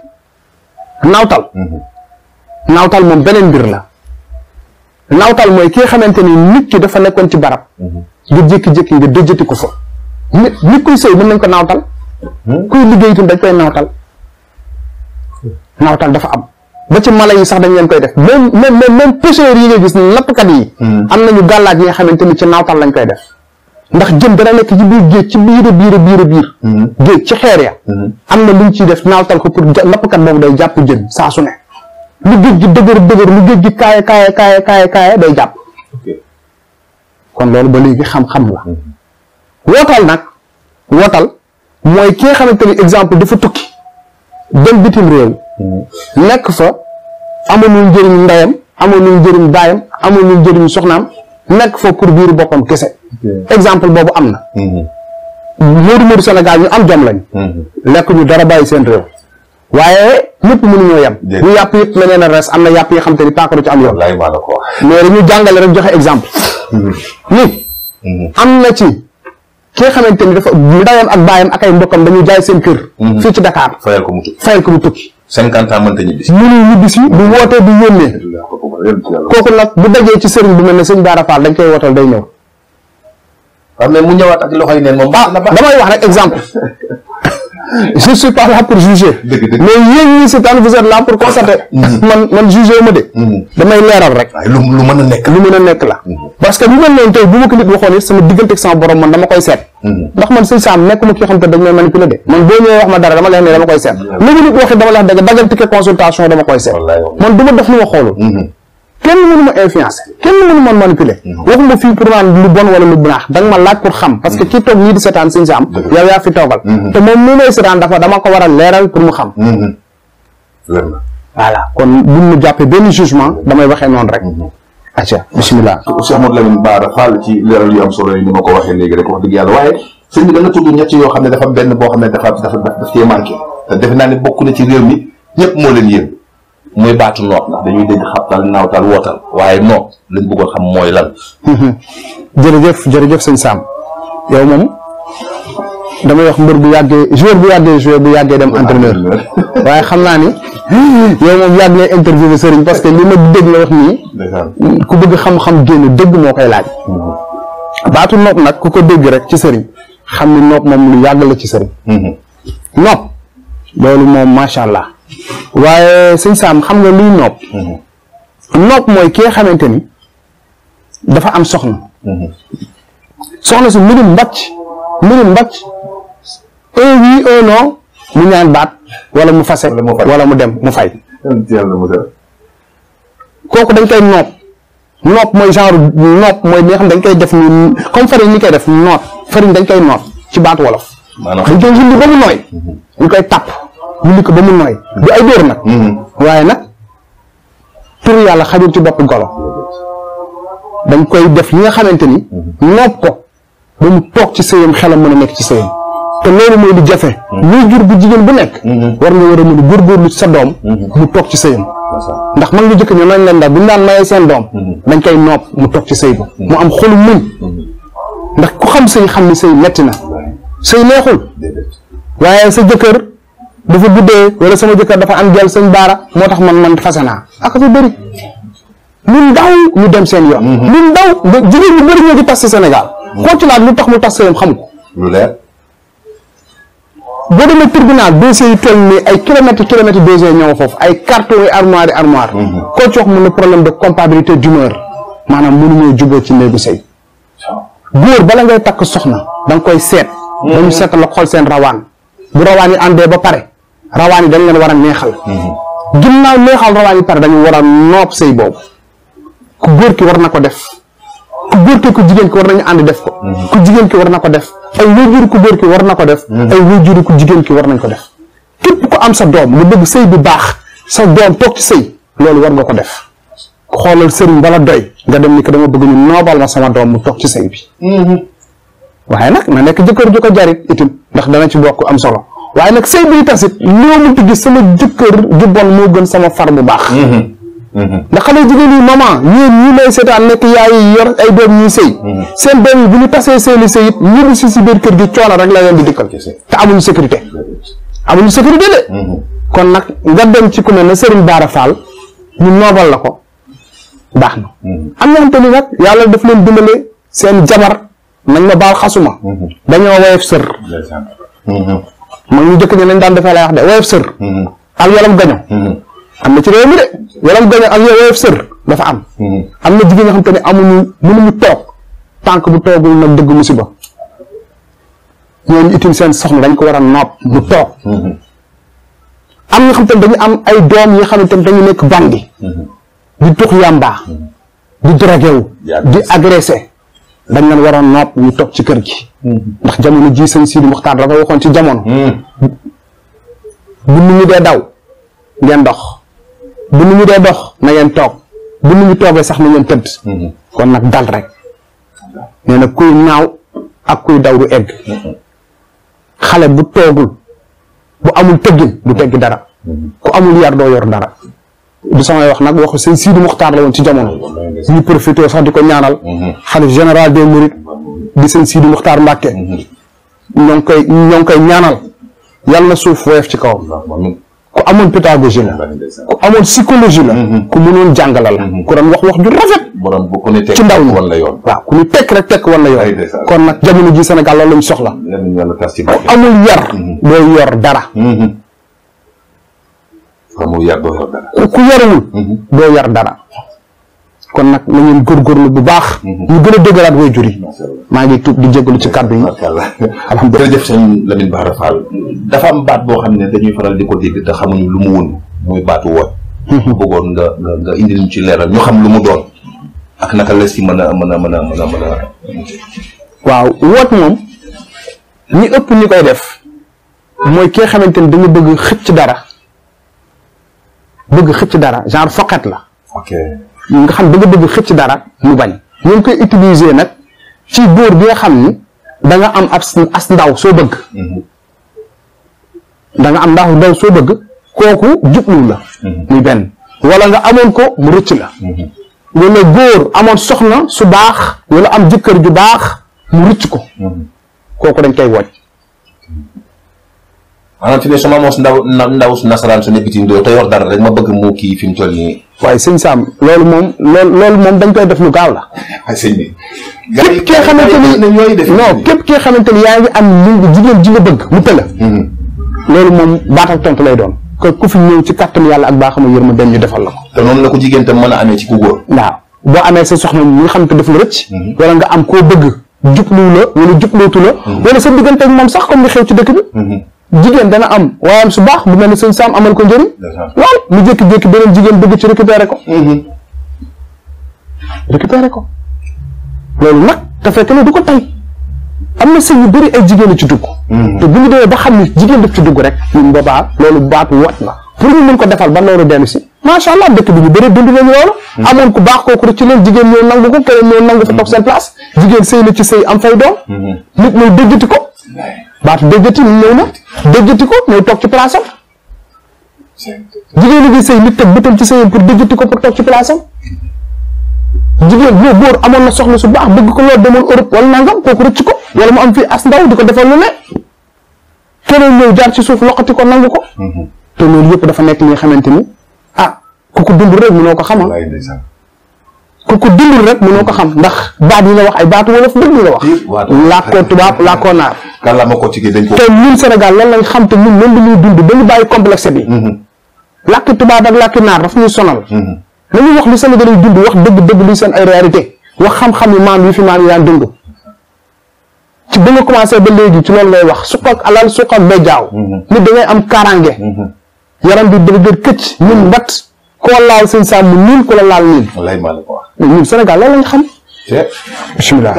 nawtal nawtal moom beneen mbir la nawtal mooy ki nga xamante ni nit ki dafa nekkoon ci barab nga jékki-jékki nga dëjëti ko fa nit nit kuy sëy mën nañ ko nawtal koy liggéey itam dañ koy nawtal nawtal dafa am ba ci mala yi sax dañ leen koy def même même même pêcheurs yi nga gis nappkat yi. Hmm. am nañu gàllaaj yi nga xamante ni ci naawtal lañ koy def. ndax jëm dana nekk ci biir géej ci biir biir biir biir. Hmm. géej ci xeer ya. Hmm. am na luñ ciy def naawtal ko pour nappkat boobu day jàpp jën saa su ne. lu géej gi dëgër dëgër lu géej gi kaaya kaaya kaaya kaaya kaaya day jàpp. kon loolu ba léegi xam-xam la. wootal nag wootal mooy ki nga xamante ni exemple dafa tukki. dem bitim réew nekk fa amuñu njëriñ ndeyam amuñu njëriñ baayam amuñu njëriñ soxnaam nekk fa pour biiru boppam kese exemple boobu am na mhm. moodu moodu senegal ñu am jom lañ mhm. lekk ñu dara bàyyi seen réew waaye ñëpp mënuñoo yem ñu yàpp yëpp na nee res am na yàpp yi xam te ni paakaru ci am yoon mais dañu jàngale rek joxe exemple mhm. nit am na ci ki nga xamante ni dafa ndayam ak baayam ak ay mbokkam dañu jaay seen kër. Mhm. fii ci Dakar. fayal ko mu tukki fayal ko mu tukki. cinquante ans mënta ñibbisi. mënul bu wootee du yónnee. kooku nag bu dajee ci sëriñ bu mel ne sëñ Bara Fall dañ koy wootal day ñëw. waaw mais mu ñëwaat ak loxo yi neen moom. Ah, damay wax rek exemple. je suis pas là pour juger. mais yéen ñi si tànn vous êtes là pour constater. Mm-hmm. man man juger ma de. Mm-hmm. damay leeral a nekk lu mën a nekk la. Mm-hmm. parce que lu mel noonu tey bu ma ko nit waxoon it sama diggante ak sama borom man dama koy seet. ndax man sëñ Saam ma dara ma nit waxee dama lay wax consultation dama koy seet. man du ma def lu ma xoolul. kenn mënu ma influence kenn mënu ma manipuler mhm. waxuma fii pour naan lu bon wala lu baax da nga ma laaj pour xam parce que mhm. kii toog ñii di seetaan sëñ Sam mhm. yow fi toogal te moom mu may seetaan dafa dama ko war a leeral pour mu xam voilà kon buñ mu jàppee benn jugement damay waxee noonu rek acca bismillah Cheikh Modou Lamine Bara Fall ci leeral yu am solo yi ni ma ko waxee léegi rek wax dëgg yàlla waaye sëñ bi da nga tudd ñett yoo xam ne dafa benn boo xam ne dafa dafa daf cee manqué te defe naa ne bokk na ci réew mi ñëpp moo leen yéen mooy baatu noot ndax dañuy dégg xabtal naawtal wootal waaye noot lañ bëggoon xam mooy lan. Mhm. jërëjëf jërëjëf sëñ Sam yow damay wax mbër bu yàggee joueur bu yàggee joueur bu yàggee dem entraîneur waaye xam naa ni yow moom yàgg ngay interviewé sëriñ parce que li ma dégg la wax nii. ku bëgg xam-xam génn dégg moo koy laaj. Mhm. baatu noot nag ku ko dégg rek ci sëriñ xam ni noot moom lu yàgg la ci sëriñ. Mhm. noot loolu moom macha allah. waaye sëñ saam xam nga luy nopp mhm. nopp mooy kee xamante ni dafa am soxna mhm. soxna su mbirum mbàcc mbirum mbàcc un oui mu ñaan baat wala mu fase wala mu dem mu fay kooku dañ koy nopp nopp mooy genre nopp mooy li nga xam dañ koy def ni comme farine ni koy def noot farine dañ koy noot ci baat wolof dañ koy yindi mu mhm. koy tàpp wulli ko ba mu nooy du ay dóor nag mm-hmm. waaye nag tur yàlla xajul ci bopp golo dañ koy def li nga xamante ni mm-hmm. nopp ko ba mu toog ci sëyam xelam mën a nekk ci sëyam te loolu mooy di jafe luy mm-hmm. jur bu jigéen bu nekk war nga war a mën a góorgóorlu sa doom mu toog ci sëyam ndax man lu jëkk ñu nañ leen daal bu ñu daan mayee seen doom dañ koy nopp mu toog ci sëy ba mu am xolu muñ ndax ku xam sëy xam ni sëy metti na sëy neexul waaye sa jëkkër dafa guddee wala sama jëkkër dafa am jël sëñ baara moo tax man man fase naa ak fa bëri lu ndaw ñu dem seen yoon. lu mhm. ndaw jigéen ñu bëri ñoo ci tas si Sénégal. Mhm. koo ci laaj lu tax mu tas seen xamu ko. lu leer. boo demee tribunal dossier yi toll nii ay kilomètres kilomètres dossier ñoo foofu ay carton yi armoire yi armoire. Mhm. koo ci wax mu na problème de compatibilité d'humeur maanaam mënuñoo jubóo ci néegu sëy. góor bala ngay takk soxna da nga koy seet. dañu seetal la xol seen rawaan bu rawaan ba pare. rawaan yi dañ leen war a neexal. Mhm. naa neexal rawaan yi pare dañu war a noob sëy boobu ku góor ki war na ko def ku góor ki ku jigéen ki war nañu ànd def ko. Mhm. ku jigéen ki war na ko def ay ku góor ki war na ko def. Mhm. ay wéjur ku jigéen ki war nañ ko def. képp ku am sa doom nga bu baax sa doom toog ci sëy loolu war nga ko def. xoolal sëriñ bala doy nga dem ni ko dama bëgg ñu noobal ma sama doom mu toog ci sëy bi. waaye nag na nekk jëkkër ju ko jarit itam ndax dana ci bokk am solo. waaye nag sëy bi tasit loo mënti gis sama jëkkër ju bon moo gën sama far bu baax mm-hmm. Mm-hmm. ndax xale jigéen yi maman ñeen ñi lay seetaan nekk yor ay doom ñuy sëy mm-hmm. seen doom yi bu ñu tasee seeni sëy it ñibbi si si biir kër gi coono rek la leen di dikkal te amuñu sécurité amuñu sécurité de kon nag nga dem ci ku ne na Serigne Bara Fall ñu noobal la ko baax na am na xamante ni nag yàlla daf leen dimbale seen jabar nañ ma baal xasuma dañoo woyof sër mag ñu jëkk ñi lañ daan defee lay wax de woyof sër mm-hmm. ak yolam gaño mm-hmm. am na ci réew mi de yolam gaño ak woyof sër dafa am mm-hmm. am na jigéen ñoo xam te ne amuñu mënuñu toog tànk bu toogul nag dëgg musiba ñooñu itam seen soxna dañ ko war a nopp mu toog am ñoo xam te dañu am ay doom yi xam ne dañu nekk bandi di tux yàmbaa di drogué wu di agressé dañ leen waroon nopp ñu toog ci kër gi. Mm-hmm. ndax jamono ji sëñ Sidi Muxtaar dafa waxoon ci jamono. Mm-hmm. bu nu ñu dee daw ngeen dox bu nu ñu dee dox na ngeen toog bu nu ñu toogee sax na ngeen tëdd. Mm-hmm. kon nag dal rek nee na kuy naaw ak kuy daw du egg. xale bu toogul bu amul tëggin du teggi dara ku amul yar doo yor dara. du samay wax nag waxu sëñ Sidi Muxtaar la woon ci jamono ñu profité sax ko ñaanal mhm. xalif général des mourides di sëñ Sidi Muxtaar Mbàkke mhm. ñoo koy ñoo ngi koy ñaanal yàlla na suuf woyof ci kawam ku amoon pédagogie la ku amoon psychologie la mhm. ku mënoon jàngala la ku doon wax wax ju rafet ci ndaw ñi waaw ku ñu tekk rek tekk wan yoon kon nag jamono ji Sénégal loolu lañ soxla ku amul yar doo yor dara amoo yar doo yor dara. ku yarul. Mhm. doo yar dara. kon nag na ngeen góorgóorlu bu baax. Mhm. ñu gën a dëgëraat way juri maa ngi tuub di jégalu ci kàddu yi. alhamdulilah jërëjëf sëñ Lamine Bara Fall. dafa am baat boo xam ne dañuy faral di ko dégg te xamuñu lu mu wun muy baatu woon. Mhm. bëggoon nga nga indi ñu ci leeral ñu xam lu mu doon. ak naka la si mën a mën a mën a mën mën a. waaw woot moom ñi ëpp ñi koy def mooy ki nga xamante ni dañu bëgg xëcc dara. bëgg xëcc dara genre foqet la. ok nga xam da nga bëgg xëcc dara mu bañ. ñu ngi koy utiliser nag ci góor bi nga xam ni da nga am as as ndaw soo bëgg. Mhm. da am ndax ndaw soo bëgg kooku jublu la. Mhm. muy benn wala nga amoon ko mu rëcc la. Mhm. wala góor amoon soxna su baax. wala am jëkkër ju baax mu rëcc ko. kooku dañ koy wocc a fi ne su ma amoon ndaw ndaw nasaraan su ne bitim doo te yor dara rek ma bëgg mu kii fi mu toll nii. waaye sëñ Sam loolu moom loolu loolu moom koy def lu gaaw la. waaye sëñ bi. képp kee xamante ni non képp kee xamante ni yaa ngi am lu jigéen ji nga bëgg mu tëla. Mm-hmm. loolu moom baat ak lay doon. que ku fi ñëw ci kàttanu yàlla ak baaxamu yërma dem ñu defal la ko. te ko jigéen mën a amee ci ku góor. waaw boo amee sa soxna ñi nga xam te daf la rëcc. Mm-hmm. wala nga am koo bëgg jublu la wala jublootu la. wala sa diggante ak moom sax comme li xew ci dëkk bi mm-hmm. jigéen dana am waayam su baax mu mel ne sëñ Saam amal ko njëriñ. lool mu jékki-jékki beneen jigéen bëgg ci récupérer ko. Mm-hmm. récupérer ko loolu nag te fekk ne du ko tey am na sëñ yu bëri ay jigéen ci dugg. Mm-hmm. te bu ñu demee ba xam jigéen daf ci dugg rekk ñun loolu baat wat la pour ñu mën ko defal ba loolu dellu si. macha allah dëkk bi ñu bëri dund nañu loolu hmm. amoon ku baax kooku rek ci leen jigéen ñoo nangu ko keneen ñoo nangu fa toog seen hmm. hmm. ko baatu déggati ñëw na déggati ko ñëw toog ci place am jigéen ñi ngi sëy nit teg ci sëyam pour ko pour toog ci place am jigéen boo góor amoon na soxna su baax bëgg ko loolu demoon Europe wala nangam kooku rëcc ko wala mu am fii as di ko defal lu ne keneen ñëw jaar ci suuf loqati ko nangu ko te loolu yëpp dafa nekk li nga xamante ni ah ku ko dundul rek mënoo ko xam ah. ku ko dundul rek ko xam ndax baat yi nga wax ay baatu wolof dëgg nga wax. làkkoo tubaab làkkoo naar. kàllaama ko ci dañ ko. te ñun Sénégal lan lañ xam te ñun loolu la dund dañu bàyyi complexe bi. Mm-hmm. làkki tubaab ak làkki naar daf ñuy sonal. nañu mm-hmm. wax lu Sénégal yi dund wax dëgg dëgg luy seen ay réalité wax xam-xam yu maam yi fi maam yi daan dund. ci bi nga commencé ba léegi ci loolu ngay wax suq ak alal suq ak bejaaw. Mm-hmm. nit da ngay am kaaraange. yaram bi dëgër këcc ñun mbat koo laal sëñ Sam mu niil laal niil. wallaahi maa la ko la xam. Eh? bisimilah.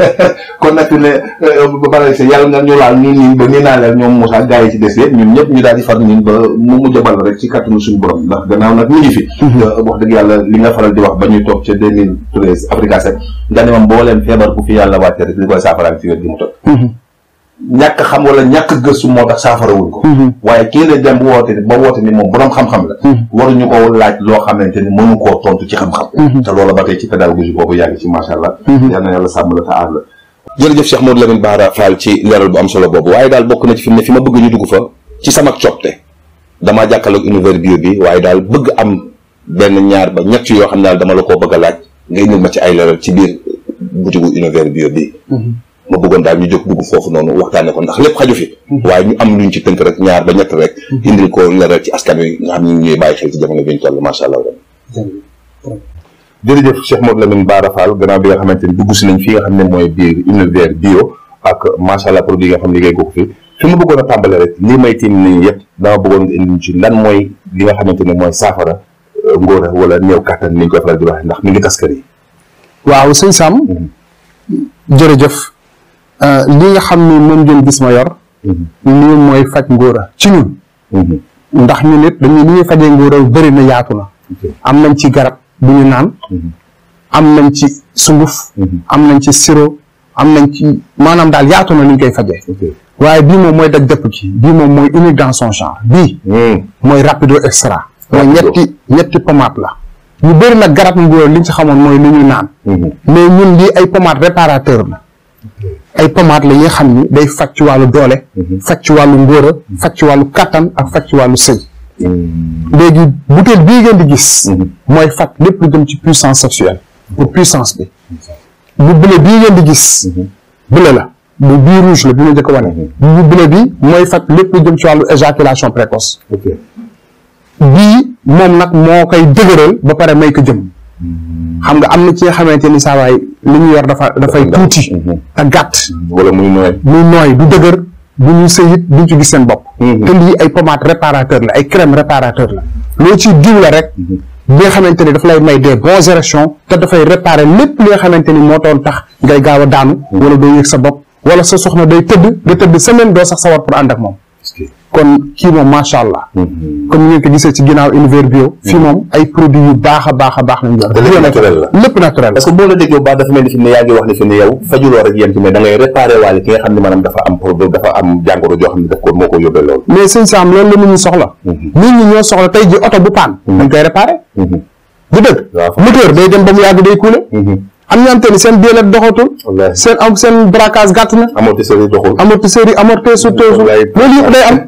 kon nag ne eh, ba pare si yàlla nga ñu laal ñun ñii ba nee naa leen ñoom Moussa gars yi ci des yëpp ñun ñëpp ñu daal di far ñun ba mu mujj a bal rek ci kàttanu suñu borom ndax gannaaw nag ñu ngi fi. Mhm. Eh, wax dëgg yàlla li nga faral di wax ba ñu toog ca 2013 Africa 7 nga ne ma mbooleem feebar bu fi yàlla wàcce rek li koy saafaraal ci wér gi toog. Mhm. ñàkk xam wala ñàkk gëstu moo tax saafarawuñ ko mhm. waaye kii la dem woote ba woote ni moom boroom xam-xam la mhm. waruñu ko laaj loo xamante ni mënu koo tontu ci xam-xam mhm. te loola ba tey ci pédagogie boobu yaa ngi ci macha allah yal na yàlla sàmm la te aar la jërëjëf Cheikh Modou Lamine Bara Fall ci leeral bu am solo boobu waaye daal bokk na ci fi mu ne fi ma bëgg ñu dugg fa ci sama copte damaa jàkkaarloog univers bio bi waaye daal bëgg am benn ñaar ba ñett yoo xam ne daal dama la koo bëgg a nga indil ma ay leeral ci biir butigu univers bio bi ma bëggoon daal ñu jóg dugg foofu noonu waxtaane ko ndax lépp xaju fi mhm. waaye ñu am luñ ci tënk rek ñaar ba ñett rek mhm. indil ko leeral ci askan wi nga xam ne ñuy bàyyi xel ci jamono bi ñu toll bi nga xamante ni dugg si nañ fi nga xam ne mooy biir univers bio ak macha allah produit yi nga xam ne liggéey ko fi fi ma a tàmbale rek lii may tiim nii yëpp dama bëggoon nga ci lan mooy li nga xamante ne mooy saafara euh, ngóora wala néew kàttan ni ñu koy la di wax ndax mi ngi taskar yi waaw sëñ Sam mhm. jërëjëf Euh, li nga xam ni moom ngeen gis ma yor mhm. lii mooy faj ngóora ci ñun mhm. ndax ñu nit dañu li ñuy fajee ngóora bëri na yaatu na am nañ ci garab bu ñu naan mhm. am nañ ci sunguf am nañ ci siro am nañ ci maanaam daal yaatu na li ñu koy fajee waaye bii moom mooy daj dëpp ki bii moom mooy unique dans son genre bii mm. mooy rapido extra mooy ñetti ñetti pommade la ñu bëri nag garab ngóora li ñu ci xamoon mooy li ñu naan mais ñun lii ay pommade réparateur la ay pommades la yi xam ni day faj ci wàllu doole. Mhm. faj ci wàllu ngóora mhm. faj ci wàllu kattan ak faj ci wàllu sëy. Mm. léegi butéel bii ngeen di gis. Mhm. mooy faj lépp lu jëm ci puissance sexuelle pour puissance bi. bu bële bii ngeen di gis. bële la bu bii rouge la bi ma njëkk wane. bu bële bi mooy faj lépp lu jëm ci wàllu précoce. bii moom nag moo koy dëgëral ba pare may ko jëm. xam nga am na ci nga xamante ni saa waay ñu yor dafa dafay tuuti. Mhm. te gàtt. Mhm. wala muy nooy muy nooy du dëgër du ñu sëyit du ci gis seen bopp. Mhm. te lii ay pommade réparateur la ay crème réparateur la loo ci diw rek. bi nga xamante ni daf lay may des bons érections te dafay réparer lépp li nga xamante ni moo doon tax ngay gaaw a daanu. wala doo yëg sa bopp wala sa soxna day tëdd nga tëdd semaine doo sax sawar pour ànd ak moom. kon kii moom macha allah. Hmm. comme ngeen ko gisee ci ginnaaw univers bio. Hmm. fii moom ay produits yu baax a baax a baax lañ jox. lépp naturel la lépp naturel. parce que boo la déggee bu baax dafa mel ni fi mu ne yaa wax ne fi mu ne yow fajuloo rek yem ci mais da ngay am problème dafa xam ne daf ko moo ko yóbbee loolu. mais sëñ la nit ñi soxla. Hmm. nit ñi ñoo soxla tey ji oto bu paan. dañ koy réparé. du dëgg. moteur day dem ba mu yàgg day kuule. am ñoo xamante ni seen délai doxatul. seen am seen braquage gàtt na. amortisseur yi doxul amortisseur yi amortisseur toosu. loolu yëpp day am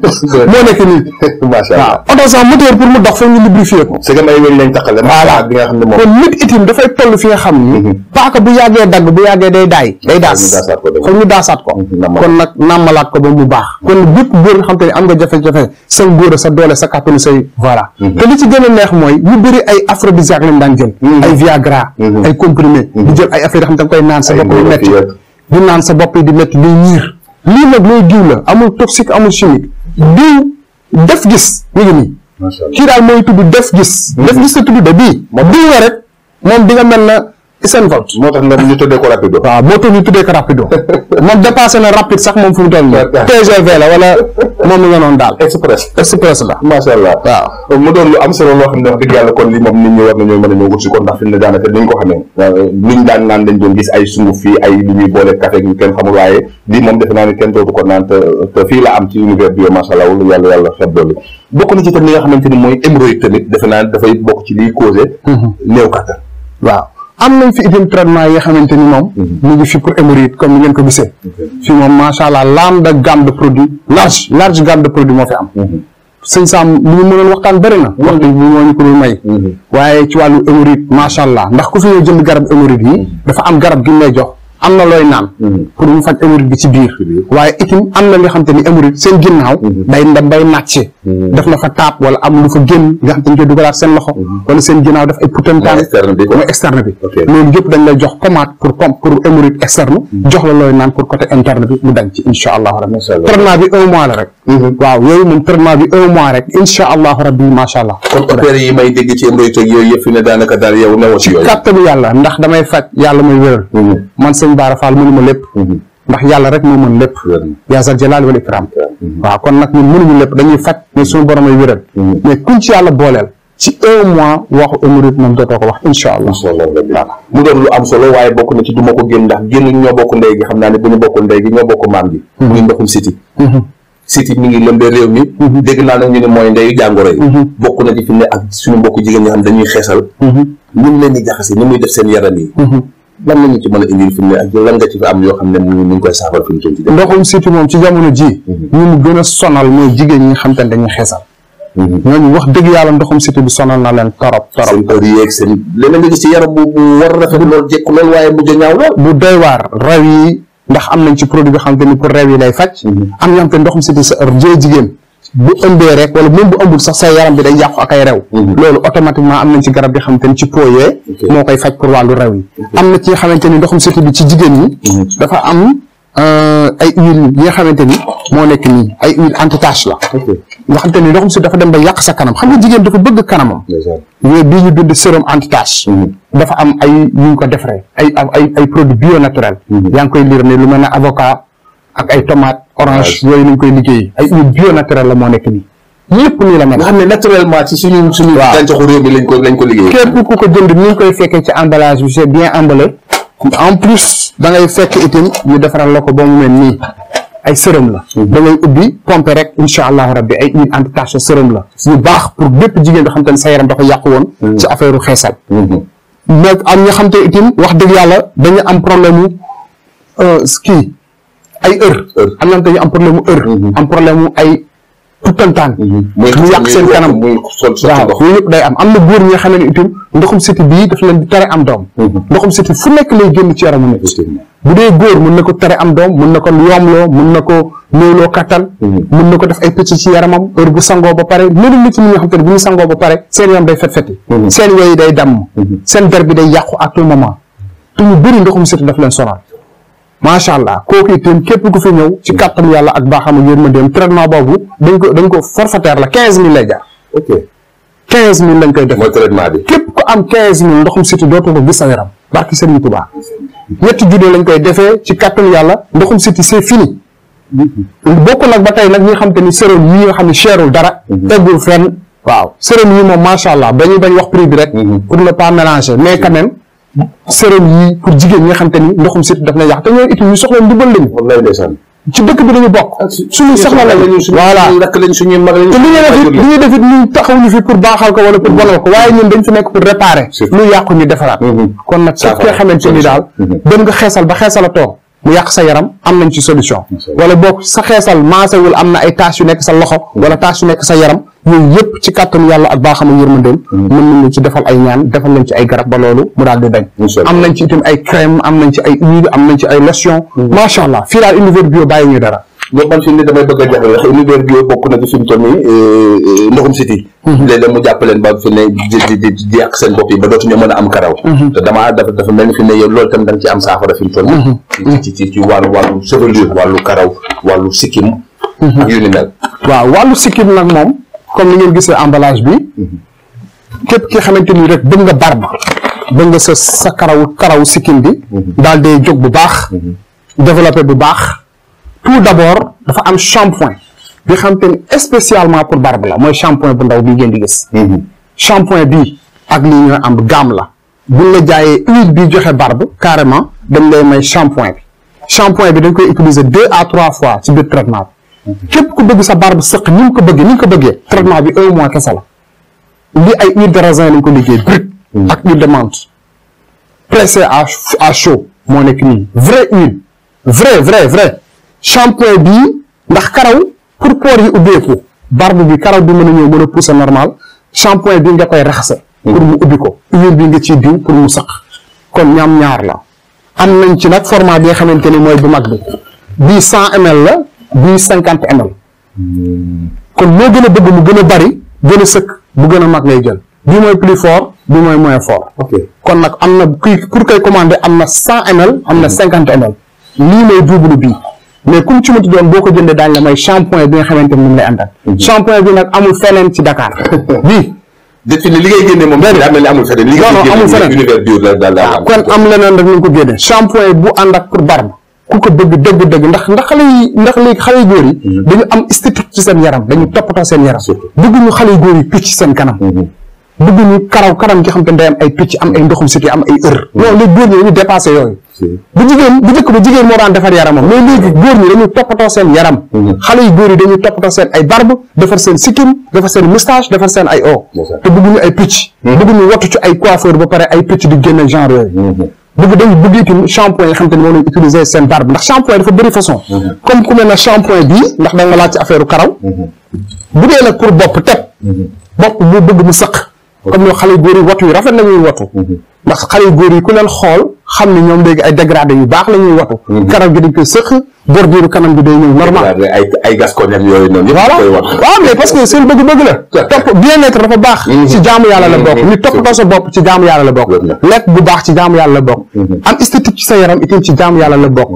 moo nekk nii. macha allah waaw oto sax moteur pour mu dox foog ñu lubrifier ko. c'est que ay wéñ lañ taxale. voilà bi nga xam ne moom kon nit itam dafay toll fi nga xam ni. Mhm. paaka bu yàggee dagg bu yàggee day daay. day daas foog ñu daasaat ko. Mhm, kon nag nàmmalaat ko ba mu baax. kon bépp góor nga xam te ne am nga jafe-jafe sa góor sa doole sa kàttanu say voilà. Mhm. te li ci gën a neex mooy ñu bëri ay aphrodisiaque lañ daan jël. ay viagra ay comprimé di jël ay affaire yoo xam da nga koy naan sa bopp di métti di naan sa bopp di métti di ñiir lii nag looy diw la amul toxique amul chimique diw def gis mi ngi nii kii daal mooy tudd def gis mm-hmm. def gis la tudd de bii diw la rek moom di nga mel na ci seen compte. moo tax ñu tuddee ko rapido. waaw ko rapido moom dépassé na rapide sax moom fu mu toll nii. TGV la wala moom la noonu daal. express express la. macha euh, mu doon lu am solo loo xam ne wax dëgg yàlla kon li moom war nañoo mën a ñëw wut si kon ndax fi mu ne daanaka dañ ko xamee. luñ euh, daan naan dañ doon ay sunguf fii ay lu ñuy boole café ñu kenn xamul waaye lii moom defe naa kenn dootu ko naan te fii la am ci univers bio macha allah wala yàlla xet doolu bokk na ci tam li nga xamante ni mooy hémorroïde tamit defe naa am nañ fi itam traitement yi nga xamante ni moom mhm. mu ngi fi pour hémorroïde comme ni ngeen ko gisee fi moom macha allah large gamme de produit large large gamme de produit moo fi am mhm. sëñ Sam lu ñu mënoon waxtaan bëri na mhm. waxtu bi moo ñu ko dul may waaye ci wàllu hémorroïde macha allah ndax ko fi ñëw jënd garab hémorroïde yi dafa am garab gi lay jox am na looy naan mm-hmm. pour mu faj hémorroïde bi ci biir waaye itam am na li xam te ni hémorroïde seen ginnaaw mm-hmm. day ndem bay nàcce mm-hmm. def na fa taab wala am lu fa génn nga xam te ni koy dugalaat seen loxo wala seen ginnaaw def ay putantaan mooy externe bi loolu yëpp dañ lay jox pommade pour pompe pour hémorroïde externe jox la looy naan pour côté interne bi mu dañ ci insha allahu rabbi traitement bi un mois la rek waaw yooyu bi un mois rek rabbi macha allah kon opéré yi may dégg ci hémorroïde yooyu yëpp fi ne daal yow newoo ci yooyu kàttanu yàlla ndax damay faj yàlla may man sëñ Bara mënuma lépp mhm. ndax yàlla rek moo mën lépp yaa zal jalaali wal ikram mhm. kon nag ñun mënuñu lépp dañuy faj mhm. mu doon lu am solo waaye bokk na ci du ma ko génn ndax génn ñoo bokk ndey gi xam naa ne bu ñu bokkul ndey gi ñoo bokk maam gi muy ndoxum siti siti mi ngi lëmbee réew mi dégg naa nag ñu ne mooy ndeyu jàngoro yi bokk na ci fi mu ne ak suñu mbokk jigéen ñi xam dañuy xeesal ñun muy def seen yaram yi lan la ñu ci mën a indil fi mu ne ak lan nga ci fi yoo xam ne mu ngi koy saafara fi mu toll ndoxum siti moom ci jamono ji. Mhm. ñu mu gën a sonal mooy jigéen ñi nga xam te ne dañuy xeesal. Mhm. ñooñu wax dëgg yàlla ndoxum siti bi sonal na leen torop torop. seen yeeg seen leneen nga gis ci yaram bu bu war rafet lool jekk lool waaye bu jëñaaw lool. bu day waar raw yi ndax am nañ ci produit bi xam te ni pour rew yi lay faj. Mhm. am na yoo xam te ndoxum siti sa jigéen bu ëmbee rek wala même bu ëmbul sax sa yaram bi day yàqu ak rew mhm. loolu automatiquement am nañ ci garab bi xamante ni ci pooyee moo koy faj pour wàllu rew yi am na ci nga xamante ni mhm. dafa am euh, ay huile yi nga xamante ni moo nekk nii ay huile la nga xamante ni ndoxum siti dafa dem ba yàq sa kanam xam nga jigéen dafa bëgg kanamam yooyu bii ñu bind sérum anti mhm. dafa am ay ñu ko defaree ay ay ay produit bio naturel yaa koy lire ne lu mel avocat ak ay tomate orange yooyu nañ koy liggéey ay huile bio la moo nekk nii yëpp nii la mel nga xam ne naturellement ci suñu suñu gàncaxu réew mi lañ ko lañ ko liggéey képp ku ko koy fekkee ci emballage bi c'est bien emballé en plus dangay ngay fekk itam ñu defaral la ko ba mu mel nii ay sérum la mm-hmm. da ngay ubbi pompe rek incha allahu rabbi ay huile anti-tache sérum la ñu baax pour bépp jigéen nga xam te sa yaram dafa yàqu woon mm-hmm. ci affaire u xeesal mm-hmm. mais am ñoo xam te wax dëgg yàlla dañu am problème u euh, kii ay heure am na ñu am problème mu heure mhm. am problème mu ay puttantaan mhm. mu yàq seen kanam waaw yooyu yëpp day am am na góor ñi nga xamee ne itam ndoxum siti bii daf leen tare am doom mhm. ndoxum siti fu nekk lay génn ci yaramu nit bu dee góor mën na ko tere am doom mun na ko yoomloo mun na ko néewloo kattan mun na ko def ay picc ci yaramam heure bu sangoo ba pare léegi nit ñi nga xam te bu ñu sangoo ba pare seen yaram day fet-feti seen yooyu day damm seen der bi day yàqu à tout moment te ñu bëri ndoxum siti daf leen macha allah kooku itam képp ku fi ñëw ci kàttan yàlla ak baaxam ak yërmandeem traitement boobu dañ ko dañ ko forfaitaire la quinze mille lay jar. ok lañ koy def. mooy bi képp ku am quinze mille ndoxum siti dootoo ko gis sa yaram barki Serigne Touba ñetti juddoo lañ koy defee ci kàttan yàlla ndoxum siti c'est fini. Mhm. bokkul nag ba tey nag ñi nga xam te ni sérum yi nga xam ne cherul dara. Mhm. teggul fenn waaw sérum yi moom macha allah dañuy bañ wax prix bi rek. Mhm. pour ne pas mélanger mais quand sérum yi pour jigéen ñi nga xam te ni ndoxum siti daf lay yàq te ñooy itam ñu soxla ndimbal lañu wallaay ndeysaan ci dëkk bi dañu bokk ah, suñu soxla la lañu suñu rakk lañ suñuy mag lañ te taxawuñu fi pour baaxal ko wala pour mm-hmm. ko waaye ñun dañ fi nekk pour réparer lu yàqu ñu defaraat mm-hmm. kon nag képp ki nga xamante ni daal mm-hmm. dem ga xeesal ba xeesal a toog mu yàq sa yaram am nañ ci solution wala boog sa xeesal maasewul am na ay taches yu nekk sa loxo wala taches yu nekk sa yaram yooyu yëpp ci kàttanu yàlla ak baaxam ak yërmandeem mm-hmm. mën nañu ci defal ay ñaan defal nañ ci ay garab ba loolu mu daal di dañ am nañ ci itam ay crème am nañ ci ay huile am mm-hmm. a euh, mm-hmm. mu jàpp ba fi di di seen bopp yi ba dootuñu mën a am karaw te damaa dafa dafa mel ni fi ne loolu tam ci am saafara fi mu ci ci ci sikkim ak waaw wàllu sikkim nag moom comme ni ngeen gisee emballage bi képp ki xamante ni rek bëgg nga barbe bëgg nga sa sa karaw karaw sikkin bi daal day jóg bu baax développé bu baax tout d'abord dafa am shampoing bi xamante ni spécialement pour barbe la mooy shampoing bu ndaw bii ngeen di gis shampoing bii ak lii ñooy am gamme la bu la jaayee huile bi joxe barbe carrément dañ lay may shampoing bi shampoing bi dañ koy utiliser deux à trois fois ci biir traitement képp ku bëgg sa barbe sëq ni mu ko bëggee ni mu ko bëggee bi un mois la lii ay huile lañ ko liggéey brut ak huile de menthe à à chaud moo nekk nii vrai huile vrai vrai vrai shampoing bii ndax karaw pour poor yi ubbeeku barbe bi karaw bi mën a ñëw mën a pousser normal shampoing bii nga koy raxase pour mu ubbi ko huile nga ciy diw mu sëq kon ñaam ñaar la am nañ ci nag format bi nga xamante ni mooy bu mag bi bii 100 ml la bii cinquante ml kon moo gën a bëgg mu gën a bari gën a sëkk bu gën a mag ngay jël bii mooy plus fort bii mooy moins fort kon nag am na kuy pour koy commander am na cent ml am na cinquante m lii mooy double bii mais comme ci mati doon boo ko jëndee daañu la may shampoing bi nga xamante ni mu lay àndal mm-hmm. shampoing nag amul feneen ci dakaar bii depuis li ngay génne moom daa mel ni amul feneen li ngay génne univers bio la daal kon am leneen rek nañ ko génne bu ànd ak pour barbe ku ko bëgg dëgg dëgg ndax ndax xale yi ndax léegi xale yu góor yi mhm. dañu am statut ci seen yaram dañu toppatoo seen yaram mhm. xam te day am ay picc am ay ndoxum siti am ay mhm. dañu dépassé yooyu bu jigéen bu njëkk ba jigéen moo daan defar yaramam mais léegi góor ñi dañu toppatoo seen yaram xale yu góor yi dañu toppatoo seen ay barbe defar seen sikkim defar seen moustache defar seen ay o te bëgguñu ay picc bëgguñu wattu ci ay coiffeur ba pare ay picc di génne genre yooyu bëgg dañu bëgg itam shampoing yi xam te ne moom lañu utiliser seen barbe ndax shampoing dafa bëri façon mm-hmm. comme ku mel ne shampoing bii ndax da nga laaj ci affaire karaw mm-hmm. bu dee nag pour bopp teg mm-hmm. bopp bu bëgg mu sëq comme ñoo xale góor yi watu yi rafet nañuy watu ndax xale góor yi ku leen xool xam ni ñoom léegi ay dégradé yu baax la ñuy watu mhm. kanam gi dañ koy sëq bordure kanam gi day ñëw normal ay ay gascogne ak yooyu noonu voilà waaw mais parce seen bëgg-bëgg la topp bien-être dafa baax mhm. ci jaamu yàlla la bokk nit mhm. toppatoo sa bopp ci jaamu yàlla la bokk lekk bu baax ci jaamu yàlla la bokk am esthétique ci sa yaram itam ci jaamu yàlla la bokk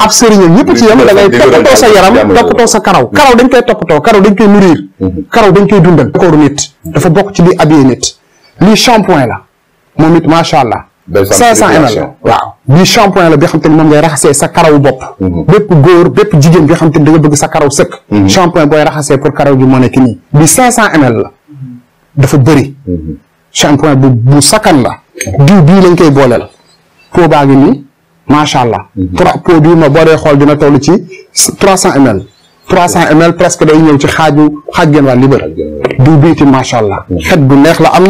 ab sëriñam ñëpp ci yam da ngay toppatoo sa yaram toppatoo sa karaw karaw dañ koy toppatoo karaw dañ koy karaw dañ koy dundal kooru nit dafa bokk ci li habillé nit lii shampoing la moom it macha allah 500 ml waaw bii shampoing la bi xam te ni moom ngay raxasee sa karaw bopp mhm. bépp góor bépp jigéen bi xam te ni da nga bëgg sa karaw sëkk mhm. shampoing booy raxasee pour karaw gi moo nekk nii bi 500 ml la mhm. dafa bëri shampoing bu bu sakkan la diw bii koy booleel pot baa ngi nii macha allah trois pot bii ma boo dee xool dina toll ci 300 ml 300 ml presque day ñëw ci xaaju xaaj geen wàll libar diw bii ti macha allah xet bu neex la am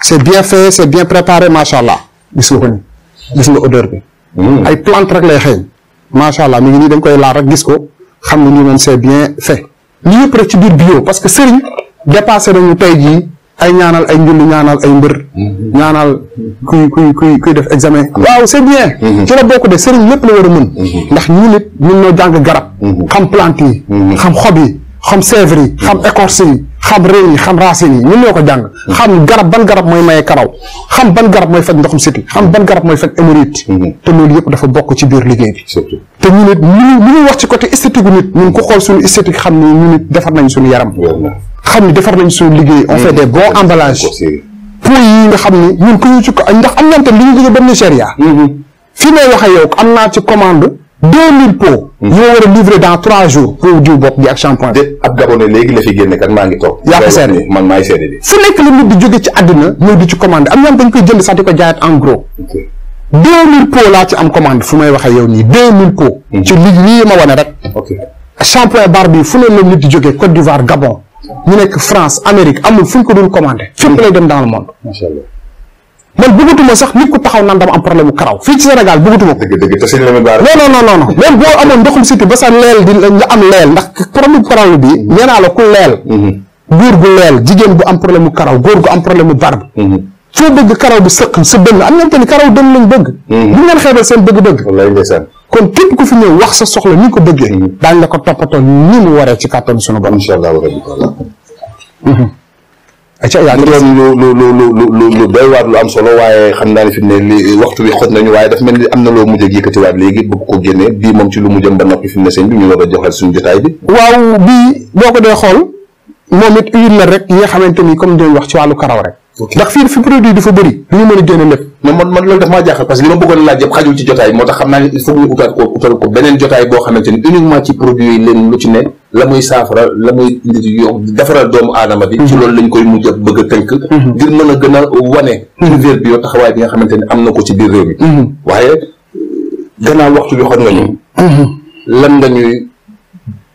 c'est bien fait c'est bien préparé allah gis nga nga odeur bi. Mm. ay plante rek lay xeeñ. macha allah mi ngi nii dañ koy laar rek gis ko xam ne ñu man c'est bien fait. li yëpp rek ci biir bio parce que sëriñ dépassé ñu tey jii ay ñaanal ay njulli ñaanal ay mbër. Mm-hmm. ñaanal kuy kuy kuy def examen. Mm-hmm. waaw c'est bien. Mm-hmm. ci la bokk de sëriñ lépp la war a mën. ndax ñu nit mën noo jàng garab. xam plante yi. xam xob yi. xam sèvres yi xam écorce yi xam réew xam racines yi ñun ñoo ko jàng xam garab ban garab mooy maye karaw xam ban garab mooy faj ndoxum siti xam ban garab mooy faj hémorroïde mhm. te loolu yëpp dafa bokk ci biir liggéey bi te ñu nit ñu ñu wax ci côté esthétique u nit ñun ko xool suñu esthétique xam ne ñu nit defar nañ suñu yaram xam ni defar nañ suñu liggéey on fait des bons emballages pots yi nga xam ni ñun ko ñu ci ko ndax am na tam li ñu jógee ba Nigéria mhm. fii may waxee yow am naa ci commande 2000 pots. Hmm. ñoo war a dans 3 jours. pour diw bopp bi ak shampoing. ab gabonais léegi la fi génne kat maa ngi toog. yaa ko man maay seede di jóge ci àddina ñëw di ci commande am ñoom dañ koy jënd sax di ko jaayaat en gros. 2000 pots laa ci am commande fu may waxee yow nii 2000 pots. Hmm. ci li lii ma wane rek. ok shampoing bar bi fu ne la nit di jóge Côte d'Ivoire Gabon. ñu nekk France Amérique amul fu ñu ko dul commandé. fépp lay dem dans le monde. man bëggatuma sax nit ku taxaw naan dama am problème bu karaw fii ci Sénégal bëggatuma ko. dëgg dëgg te seen non non non non même boo amoon ndoxum siti ba sa leel di nga am leel ndax problème karaw bi mm-hmm. nee naa la ku leel. Mm-hmm. góor gu leel jigéen bu am problème mu karaw góor gu am problème mu barbe. Mm-hmm. foo bëgg karaw bi sëq sa dënn am nañu te ni karaw dënn lañ bëgg. bu ngeen xeebal seen bëgg-bëgg. wallaay ndeysaan. kon képp ku fi ñëw wax sa soxla ni ko bëggee. daañu la ko toppatoo ni mu waree ci kàttanu suñu borom. incha allah acca yaa ngi lu lu lu lu lu doy waar lu am solo waaye xam naa ne fi mu ne li waxtu bi xot nañu waaye def mel ni am na loo mujj ak yëkkatiwaat léegi bëgg ko génnee bii moom ci lu mu jëm ba noppi fi mu ne sëñ bi ñu war a joxal suñu jotaay bi. waaw bii boo ko dee xool. moom it uyil la rek yi nga xamante ni comme dañ wax ci wàllu karaw rek. ndax fii fi produit dafa bëri du ñu mën a génne lépp. mais man man loolu daf maa jaaxal parce que li ma bëggoon laaj jotaay ñu utaat boo xamante ni uniquement ci produit leen lu ci ne la muy saafara la muy yo doomu aadama bi. ci mhm. loolu lañ koy mujj a bëgg a tënk. Mhm. ngir mën a gën a wane. Mhm. univers bio taxawaay bi nga xamante am na ko ci biir réew mi. waaye a waxtu bi nga ñu. lan nga ñuy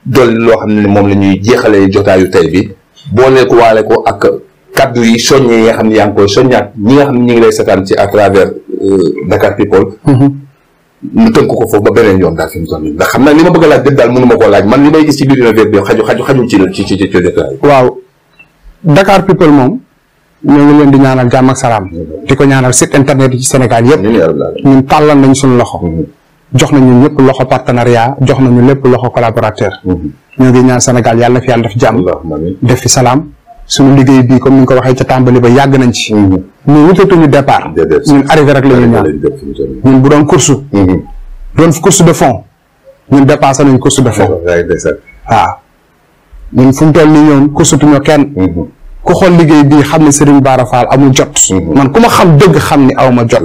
dolli loo xam ne moom la ñuy jeexalee jotaayu tey bi boo nekk waale ko ak kaddu yi soññee yi nga xam ne yaa ngi koy soññaat ñi nga xam ne ñu ngi lay setaan ci à travers euh, Dakar People. Mm-hmm. ñu tënk ko foofu ba beneen yoon daal fi mu toll nii ndax xam naa li ma bëgg a laaj dëgg daal mënu ma koo laaj man li may gis ci biir univers bi xaju xaju xaju ci ci ci ci détail. waaw Dakar People moom. ñoo ngi leen di ñaanal jàmm ak salaam. Mm-hmm. di ko ñaanal site internet yi ci Sénégal yëpp. ñun tàllal nañ suñu loxo. Mm-hmm. jox nañu ñëpp loxo partenariat jox na ñu lépp loxo collaborateur. Mhm. ñoo gi ñaan Sénégal yàlla na fi yàlla def jàmm. def fi salaam. suñu liggéey bi comme ni nga ko waxee ca tàmbali ba yàgg nañ ci. ñun mhm. wutatuñu départ. ñun arrivé rek la ñu ñaan. ñun bu doon course. Mhm. doon course de fond. ñun dépassé nañ course de fond. waaw ñun fu mu toll nii ñoom coursetuñu kenn. ku xool liggéey bii xam ne Serigne Bara amul jot. man ku ma xam dëgg xam ni awma ma jot.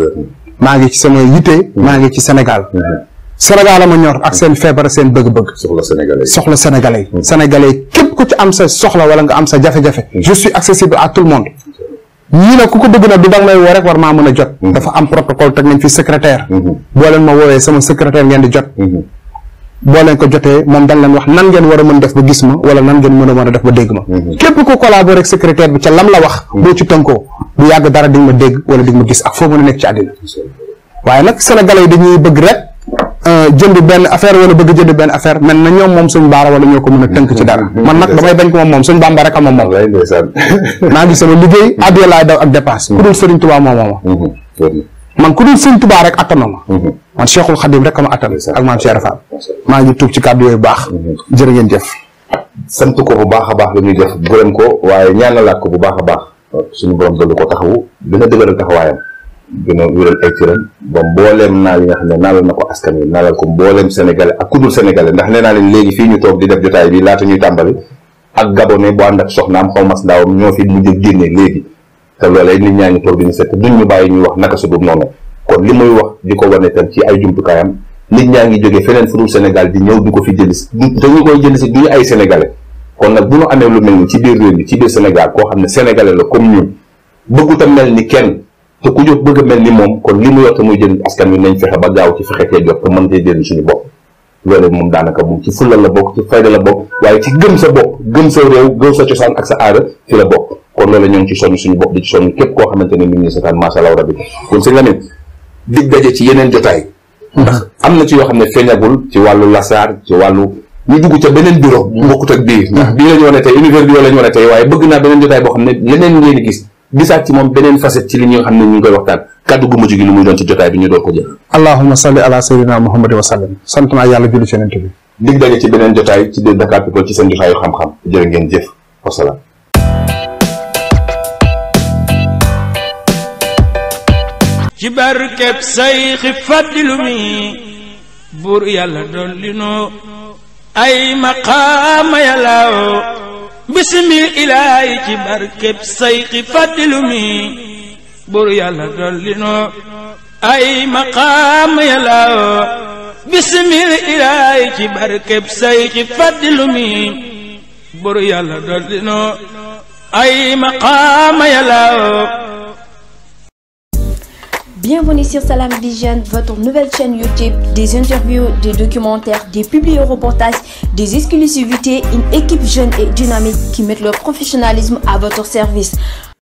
maa ngi ci sama yitte maa ngi ci Sénégal mm-hmm. Sénégal ma ñor ak seen feebar seen bëgg-bëgg soxla sénégalais soxla sénégalais mm-hmm. sénégalais képp ku ci am sa soxla wala nga am sa jafe-jafe mm-hmm. je suis accessible à tout le monde ñii nag ku ko bëgg nag du danga may woo rek war maa mën a jot dafa am protocole teg nañ fi secrétaire boo leen ma woowee sama secrétaire ngeen di jot boo leen ko jotee moom dañ leen wax nan ngeen war a mën def ba gis ma wala nan ngeen mën a mën a def ba dégg ma mm-hmm. képp ku collaboré ak secrétaire bi ca lam la wax mm-hmm. boo ci tënkoo du yàgg dara di nga ma dégg wala di ma gis ak foo mën a nekk ci àddina waaye nag sénégalais yi dañuy bëgg rek euh, jënd benn affaire wala bëgg jënd benn affaire mel na ñoom moom suñu baara wala ñoo ko a tënk ci dara mm-hmm. man nag damay bañ ko moom moom suñu bàmba rek a moom moom maa ngi sama liggéey addiya laay daw ak dépense ku dul sëriñ Tuubaa moom mooma man ku dul sëñ Tuubaa rek attanoo ma. Mhm. man Cheikhul Khadim rek ma attan. ak maa ngi tuub ci kàddu yooyu baax. Mhm. jërë ngeen jëf. sant ko bu baax a baax la ñuy def gërëm ko waaye ñaanalaat ko bu baax a baax. suñu borom dolli ko taxawu dina dëgëral taxawaayam. dina wéral ay cëram ba mbooleem naal yi nga xam ne naalal na ko askan wi naalal ko mbooleem sénégalais ak kudul sénégalais ndax nee naa leen léegi fii ñu toog di def jotaay bi laata ñuy tàmbali ak gabonais bu ànd ak soxnaam xaw mas ndaawam ñoo fi mujj génne léegi te loolee nit ñaa ngi toog di ñu seet duñ ñu bàyyi ñuy wax naka su dul noonu kon li muy wax di ko wane tam ci ay jumtukaayam nit ñaa ngi jógee feneen fu dul Sénégal di ñëw di ko fi jënd si te ñu koy jënd si duñu ay sénégalais kon nag bu ñu amee lu mel ni ci biir réew mi ci biir Sénégal koo xam ne sénégalais la comme ñun bëggut a mel ni kenn te ku jóg bëgg mel ni moom kon li mu yor te muy jënd askan wi nañ fexe ba gaaw ci fexe cee jot te mën cee jënd suñu bopp loolu moom daanaka moom ci fulla la bokk ci fayda la bokk waaye ci gëm sa bopp gëm sa cosaan ak sa aada fi la bokk kon loolu ñoo ci sonn suñu bopp di ci sonn képp koo xamante ne mi ngi seetaan macha allah rabbi kon sëñ Lamine dig daje ci yeneen jotaay am na ci yoo xam ne feeñagul ci wàllu lasaar ci wàllu ñu dugg ca beneen bureau mbokkut ak bii ndax bii la ñu wane tey univers bio la ñu wane tey waaye bëgg naa beneen jotaay boo xam ne leneen ngeen gis kaddu gu mujj gi lu muy doon ci jotaay bi ñu door ko jël. allahumma salli ala sayyidina muhammad wa sallam sant naa yàlla julli seen bi. dig daje ci beneen jotaay ci biir Dakar People ci seen jotaayu xam-xam jërë ngeen jëf wasalaam. ci barkeb sayxi fàddilu mi buur yàlla dolli noo ay maqaama yàllaaw bismil ilaahi ci barkeb sayxi fàddilu mi buru yàlla dolli noo ay maqaam yàlla woo bisimil ilaay ci barkeb say ci faddilu mi buru yàlla dolli votre nouvelle chaîne YouTube, des interviews, des documentaires, des publi des exclusivités, une équipe jeune et dynamique qui met leur professionnalisme à votre service.